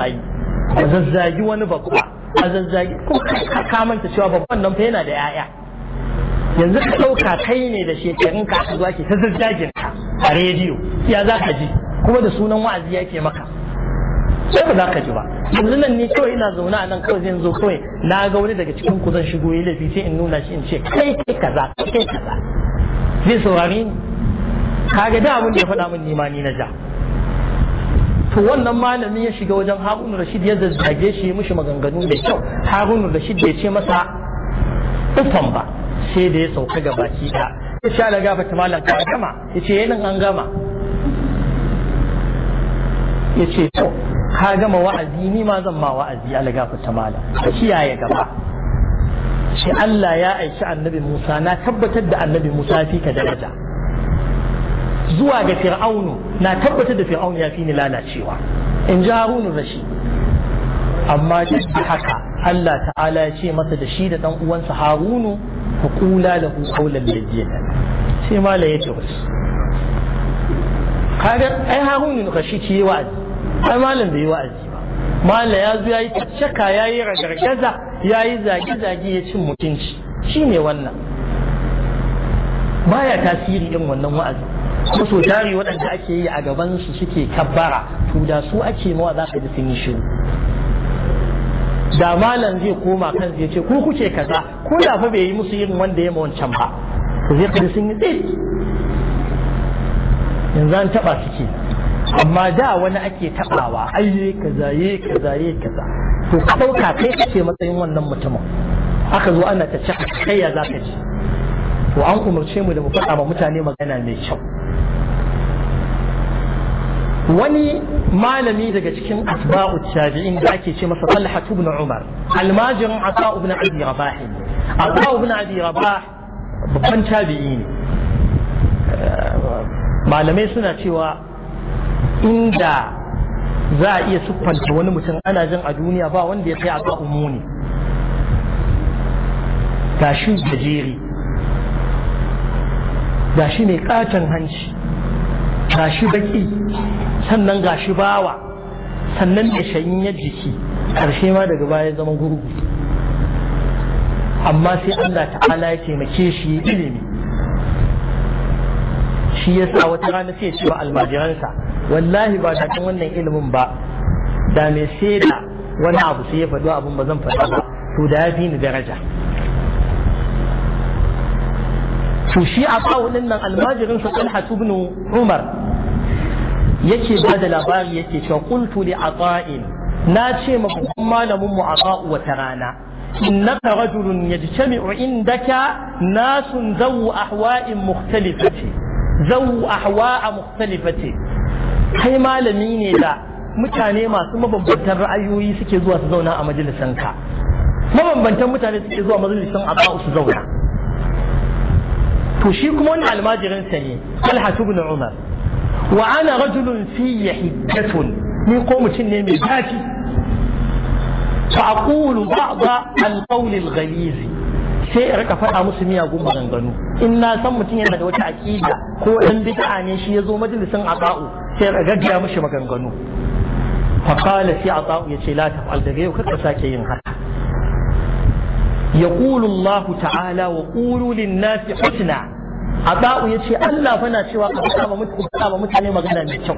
zazzagi wani bakwa ka zazzage ko ka manta cewa babban nan fa yana da yaya yanzu ka ɗauka kai ne da shekarun ka aka zuwa ke ta zazzagin a rediyo ya za ka ji kuma da sunan wa'azi yake maka sai ba za ka ji ba yanzu nan ni kawai ina zaune a nan kawai zan zo kawai na ga wani daga cikin ku zan shigo ya laifi sai in nuna shi in ce kai kai kaza kai kaza zai saurari ni kaga da abin da ya faɗa min nima ni na ja to wannan malamin ya shiga wajen harun rashid ya zazzage shi mishi maganganu da kyau harun rashid bai ce masa ufan ba sai da ya sauka ga baki da ya sha da malam ka gama ya ce yanin eh, an gama ya ce to ka gama wa'azi ni ma zan ma wa'azi ala gafa malam ka kiyaye gaba Sai Allah ya aiki annabi Musa na tabbatar da annabi Musa fi ka daraja zuwa ga fir'aunu na tabbatar da fir'aunu ya fi ni lalacewa in ji harunu rashi amma duk da haka Allah ta'ala ya ce masa da shi da dan uwansa harunu ku kula da ku kaulan lajjina sai mala ya ce wasu kaga ai harunu rashi ce yi wa'azi ai malam bai yi wa'azi ba mala ya zo ya yi tashaka ya yi ragargaza ya yi zage-zage ya cin mutunci shi ne wannan baya tasiri irin wannan wa'azi. ko so tari waɗanda ake yi a gaban su suke kabbara to da su ake mawa za su ji sun yi shiru da malam zai koma kan zai ce ko kuke kaza ko da fa bai yi musu irin wanda ya wancan ba zai ka sun yi tsit yanzu an taba suke amma da wani ake tabawa ayye kaza ye kaza ye kaza to ka dauka kai kake matsayin wannan mutumin aka zo ana ta ci kai ya za ka ji to an umarce mu da mu faɗa ma mutane magana mai kyau wani malami daga cikin asba'u tabi'in da ake ce masa Talha ibn Umar almajirin Ata ibn Abi Rabah Ata ibn Abi Rabah babban tabi'i ne malamai suna cewa inda za a iya siffanta wani mutum ana jin a duniya ba wanda ya kai a ba'umu ne gashi gajeri gashi mai katon hanci gashi baki sannan ga shi bawa sannan da shanyar jiki ƙarshe ma daga baya zama gurgu amma sai Allah ta'ala ya taimake shi ilimi shi ya sa wata rana sai cewa almajiransa wallahi ba daɗin wannan ilimin ba da mai sai da wani abu sai ya faɗo abin ba zan faɗa ba to da ya fi ni daraja to shi a bawunin nan almajirinsa ɗan hatu umar yake ba da labari yake cewa qultu li ata'in na ce ma kun malamin mu ata'u wata rana innaka rajulun yajtami'u indaka nasun zawu ahwa'in mukhtalifati zawu ahwa'a mukhtalifati kai malami ne da mutane masu mabambantan ra'ayoyi suke zuwa su zauna a majalisanka mabambantan mutane suke zuwa majalisan ata'u su zauna to shi kuma wani almajirinsa ne talhatu ibn umar wa ana rajulun fi hiddatun ni ko mutum ne mai zafi fa aqulu ba'da al-qawl al-ghaliz sai rika faɗa musu miyagun maganganu in na san mutum yana da wata aƙida ko ɗan bid'a ne shi ya zo majalisin aba'u sai ka gaggaya mishi maganganu فقال في عطاء يتي لا تفعل دقيق وكتساك ينهر يقول الله تعالى وقولوا nasi حسنا Aba'u ya ce Allah fana cewa ka ba mutane magana mai kyau.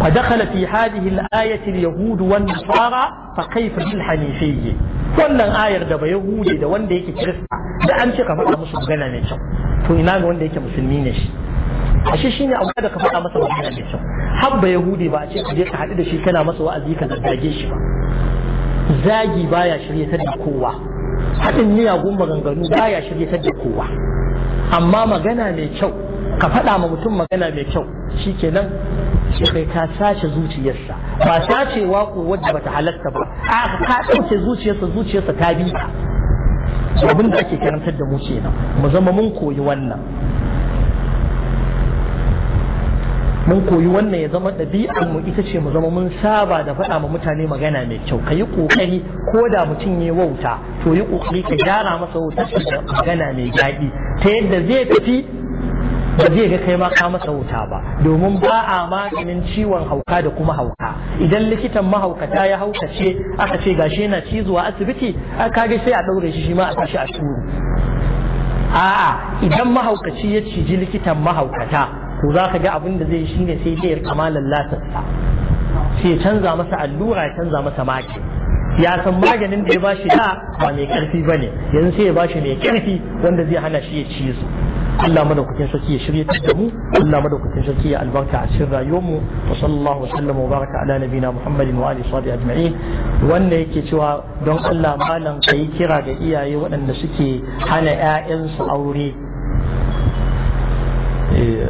Fa dakhala fi hadhihi al-ayati al-yahud wa an-nasara fa kayfa bil hanifiyyi. Wannan ayar da ba Yahudi da wanda yake Kirista da an ce ka faɗa musu magana mai kyau. To ina ga wanda yake musulmi ne shi. Ashe shine abu da ka faɗa masa magana mai kyau. Habba Yahudi ba a ce ka je ka haɗu da shi kana masa wa'azi ka zage shi ba. Zagi baya shirye ta da kowa. Haɗin miyagun maganganu baya shirye ta da kowa. amma magana mai kyau ka faɗa ma mutum magana mai kyau shikenan kai ka sace zuciyarsa ba sacewa ko wadda bata halatta ba a ka ɗauke zuciyarsa zuciyarsa ta bi ka abin da ake karantar da mu kenan mu zama mun koyi wannan mun koyi wannan ya zama ɗabi'ar mu ita ce mu zama mun saba da faɗa ma mutane magana mai kyau ka yi ƙoƙari ko da mutum ya wauta to yi ƙoƙari ka gyara masa wauta da magana mai daɗi ta yadda zai tafi ba zai ga kai ma ka masa wauta ba domin ba a maganin ciwon hauka da kuma hauka idan likitan mahaukata ya haukace aka ce gashi yana cizuwa asibiti aka ga sai a ɗaure shi shi ma a tashi a a'a idan mahaukaci ya ciji likitan mahaukata to za ka ga abin da zai shi ne sai dai kama lallatarsa sai ya canza masa allura ya canza masa maki ya san maganin da ya bashi da ba mai karfi ba ne yanzu sai ya bashi mai karfi wanda zai hana shi ya cizo Allah madaukakin sarki ya shirye da mu Allah madaukakin sarki ya albarka a cikin rayuwarmu wa sallallahu wa sallama wa baraka ala nabina Muhammadin wa alihi sadi ajma'in wanda yake cewa don Allah malam kai kira ga iyaye waɗanda suke hana ƴaƴansu aure Eh,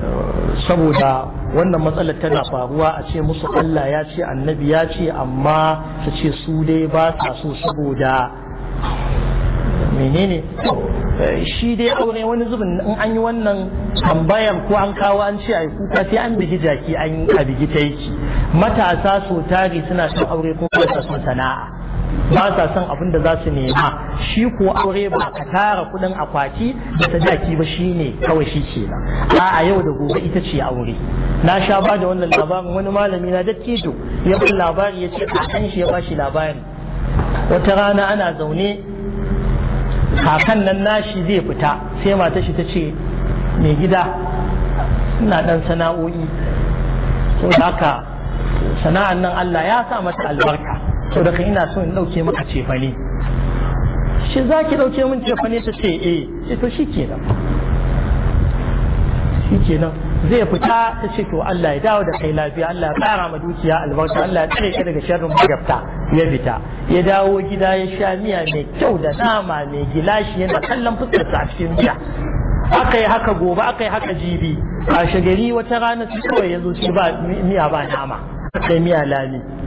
saboda wannan matsalar tana faruwa a ce musu Allah ya ce annabi ya ce amma su ce su dai ba ta so saboda menene eh, shi dai aure wani zubin in an yi wannan tambayar ko an kawo an ce ai kuka sai an bigi jaki an a bigi taiki matasa so tari suna son aure ko kuma ta sana'a ba sa son abin da za su nema shi ko aure ba ka tara kudin akwati da sadaki ba shi ne kawai shi ke a a yau da gobe ita ce aure na sha ba da wannan labarin wani malami na dattijo ya bin labari ya ce a kan shi ya ba shi labari wata rana ana zaune kakan nan nashi zai fita sai mata shi ta ce mai gida ina dan sana'o'i saboda haka sana'an nan Allah ya sa mata albarka to daga ina so in ɗauke maka cefane shi za ki ɗauke min cefane ta ce eh ce to shi kenan shi zai fita ta ce to Allah ya dawo da kai lafiya Allah ya kara ma dukiya albarka Allah ya tsare ka daga sharrin magabta ya fita ya dawo gida ya sha miya mai kyau da nama mai gilashi yana kallon fuskarsa a cikin miya aka yi haka gobe aka yi haka jibi a shagari wata rana su kawai ya zo shi ba miya ba nama kai miya lami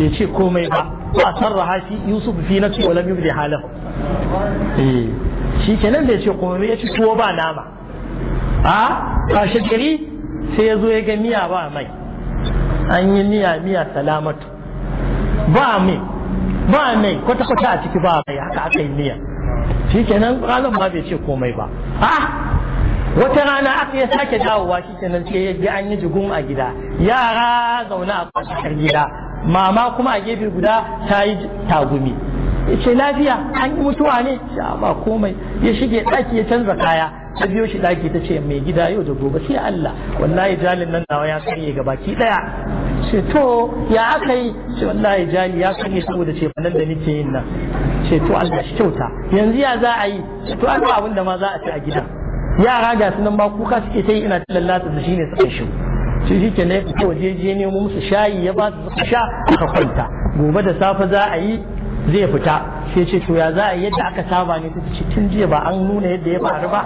bai ce komai ba ba sarraha shi yusuf fi na wa lam yubdi halahu eh shi kenan bai ce komai ya ci tuwo ba nama a kashe gari sai ya zo ya ga miya ba mai an yi miya miya salamatu ba mai ba mai kwata kwata a ciki ba mai haka aka yi miya shi kenan ranar ma bai ce komai ba a wata rana aka ya sake dawowa shi kenan sai ya ji an yi jigun a gida yara zaune a kwasar gida mama kuma a gefe guda ta yi tagumi ce lafiya an yi mutuwa ne ba komai ya shige ɗaki ya canza kaya ta biyo shi ɗaki ta ce mai gida yau da gobe sai Allah wallahi jalin nan nawa ya sanye ga baki ɗaya ce to ya aka yi ce wallahi jali ya sanye saboda ce nan da nake yin nan ce to Allah shi kyauta yanzu ya za a yi ce to an abin da ma za a ci a gidan yara ga sunan ma kuka suke ta yi ina ta lallata da shine suka shigo shi shi ke nai ya waje je mu musu shayi ya ba su sha aka kwanta gobe da safe za a yi zai fita sai ce to ya za a yi yadda aka saba ne ta ce tun jiya ba an nuna yadda ya faru ba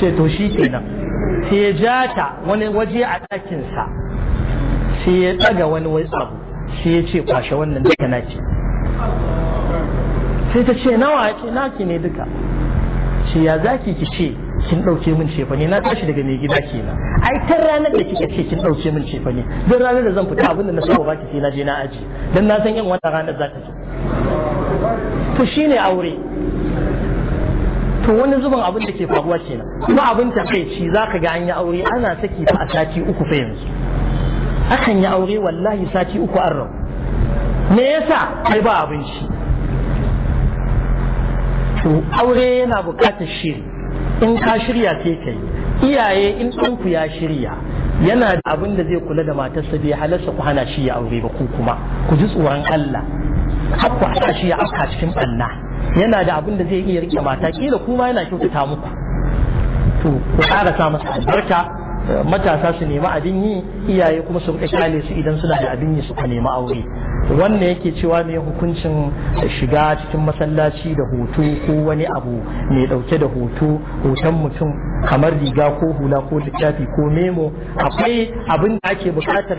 Sai to shi kenan sai ya ja ta wani waje a ɗakinsa sai ya ɗaga wani wai abu sai ya ce kwashe wannan duka na ce sai ta ce nawa ce naki ne duka shi ya zaki ki ce kin dauke min cefane na tashi daga mai gida kenan ai tar ranar da kika ce kin ɗauke min cefane don ranar da zan fita abin da na saba baki sai na je na aji dan na san yan wata ranar za ta zo to shine aure to wani zuban abin da ke faruwa kenan kuma abin za ka ga an yi aure ana saki fa a sati uku fa yanzu akan yi aure wallahi sati uku an rabu me yasa kai ba abinci to aure yana bukatar shiri in ka shirya sai ka yi iyaye in ɗanku ya shirya yana da abin da zai kula da matarsa bai halarsa ku hana shi ya aure ba ku kuma ku ji tsoron Allah har ku hana shi ya afka cikin ɓanna yana da abin da zai iya rike mata kila kuma yana kyautata muku to ku ƙara sa masa albarka matasa su nemi abin yi iyaye kuma su kyale su idan suna da abin yi suka nemi aure wannan yake cewa mai hukuncin shiga cikin masallaci da hoto ko wani abu mai dauke da hoto hoton mutum kamar riga ko hula ko littafi ko memo akwai abin da ake bukatar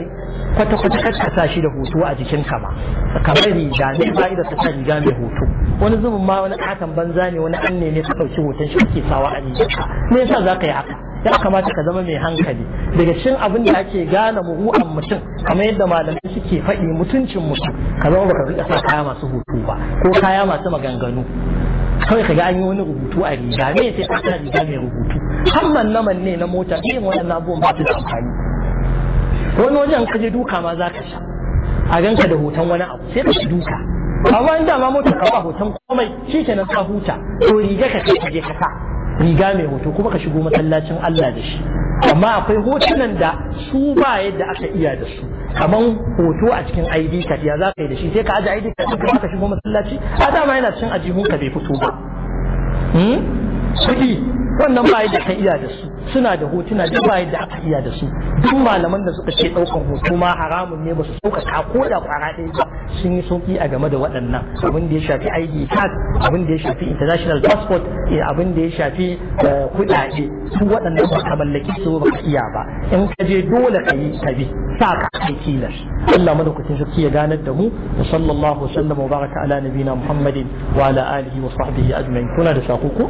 kwata-kwata karkata shi da hoto a jikin kama kamar riga ne fa'ida ta sa riga mai hoto wani zubin ma wani akan banza ne wani an ne ne ta ɗauki hoton shi ake sawa a riga me yasa za ka yi haka ya kamata ka zama mai hankali daga cikin abin da ake gane muru'an mutum kamar yadda malamai suke faɗi mutuncin mutum ka zama baka rika sa kaya masu hutu ba ko kaya masu maganganu kawai ka gani an yi wani rubutu a riga me sai ka sa riga mai rubutu hamman na manne na mota irin wani abubuwan ba su da amfani wani wajen ka je duka ma za ka sha a ganka da hoton wani abu sai ka duka amma in dama mota ka ba hoton komai shi ke nan ka huta to riga ka kai ka je ka sa riga mai hoto kuma ka shigo masallacin Allah da shi amma akwai hotunan da su ba yadda aka iya da su kamar hoto a cikin ID card ya za ka yi da shi sai ka aje ID card kuma ka shigo masallaci a dama yana cikin ajihunka ka bai fito ba hmm? kuɗi wannan ba yadda ka iya da su suna da hotuna duk ba da aka iya da su duk malaman da suka ce daukan hoto ma haramun ne ba su sauka ka ko da kwara ɗaya ba sun yi sauki a game da waɗannan abin da ya shafi ID card abin da ya shafi international passport eh, abin da ya shafi eh, kuɗaɗe su waɗannan ba ka mallaki su ba ka iya ba in ka je dole ka yi ka bi sa ka kai tilas Allah madaukakin sarki ya ganar da mu wa sallallahu wa sallama wa baraka ala nabina Muhammadin wa ala alihi wa sahbihi ajma'in kuna da sako ko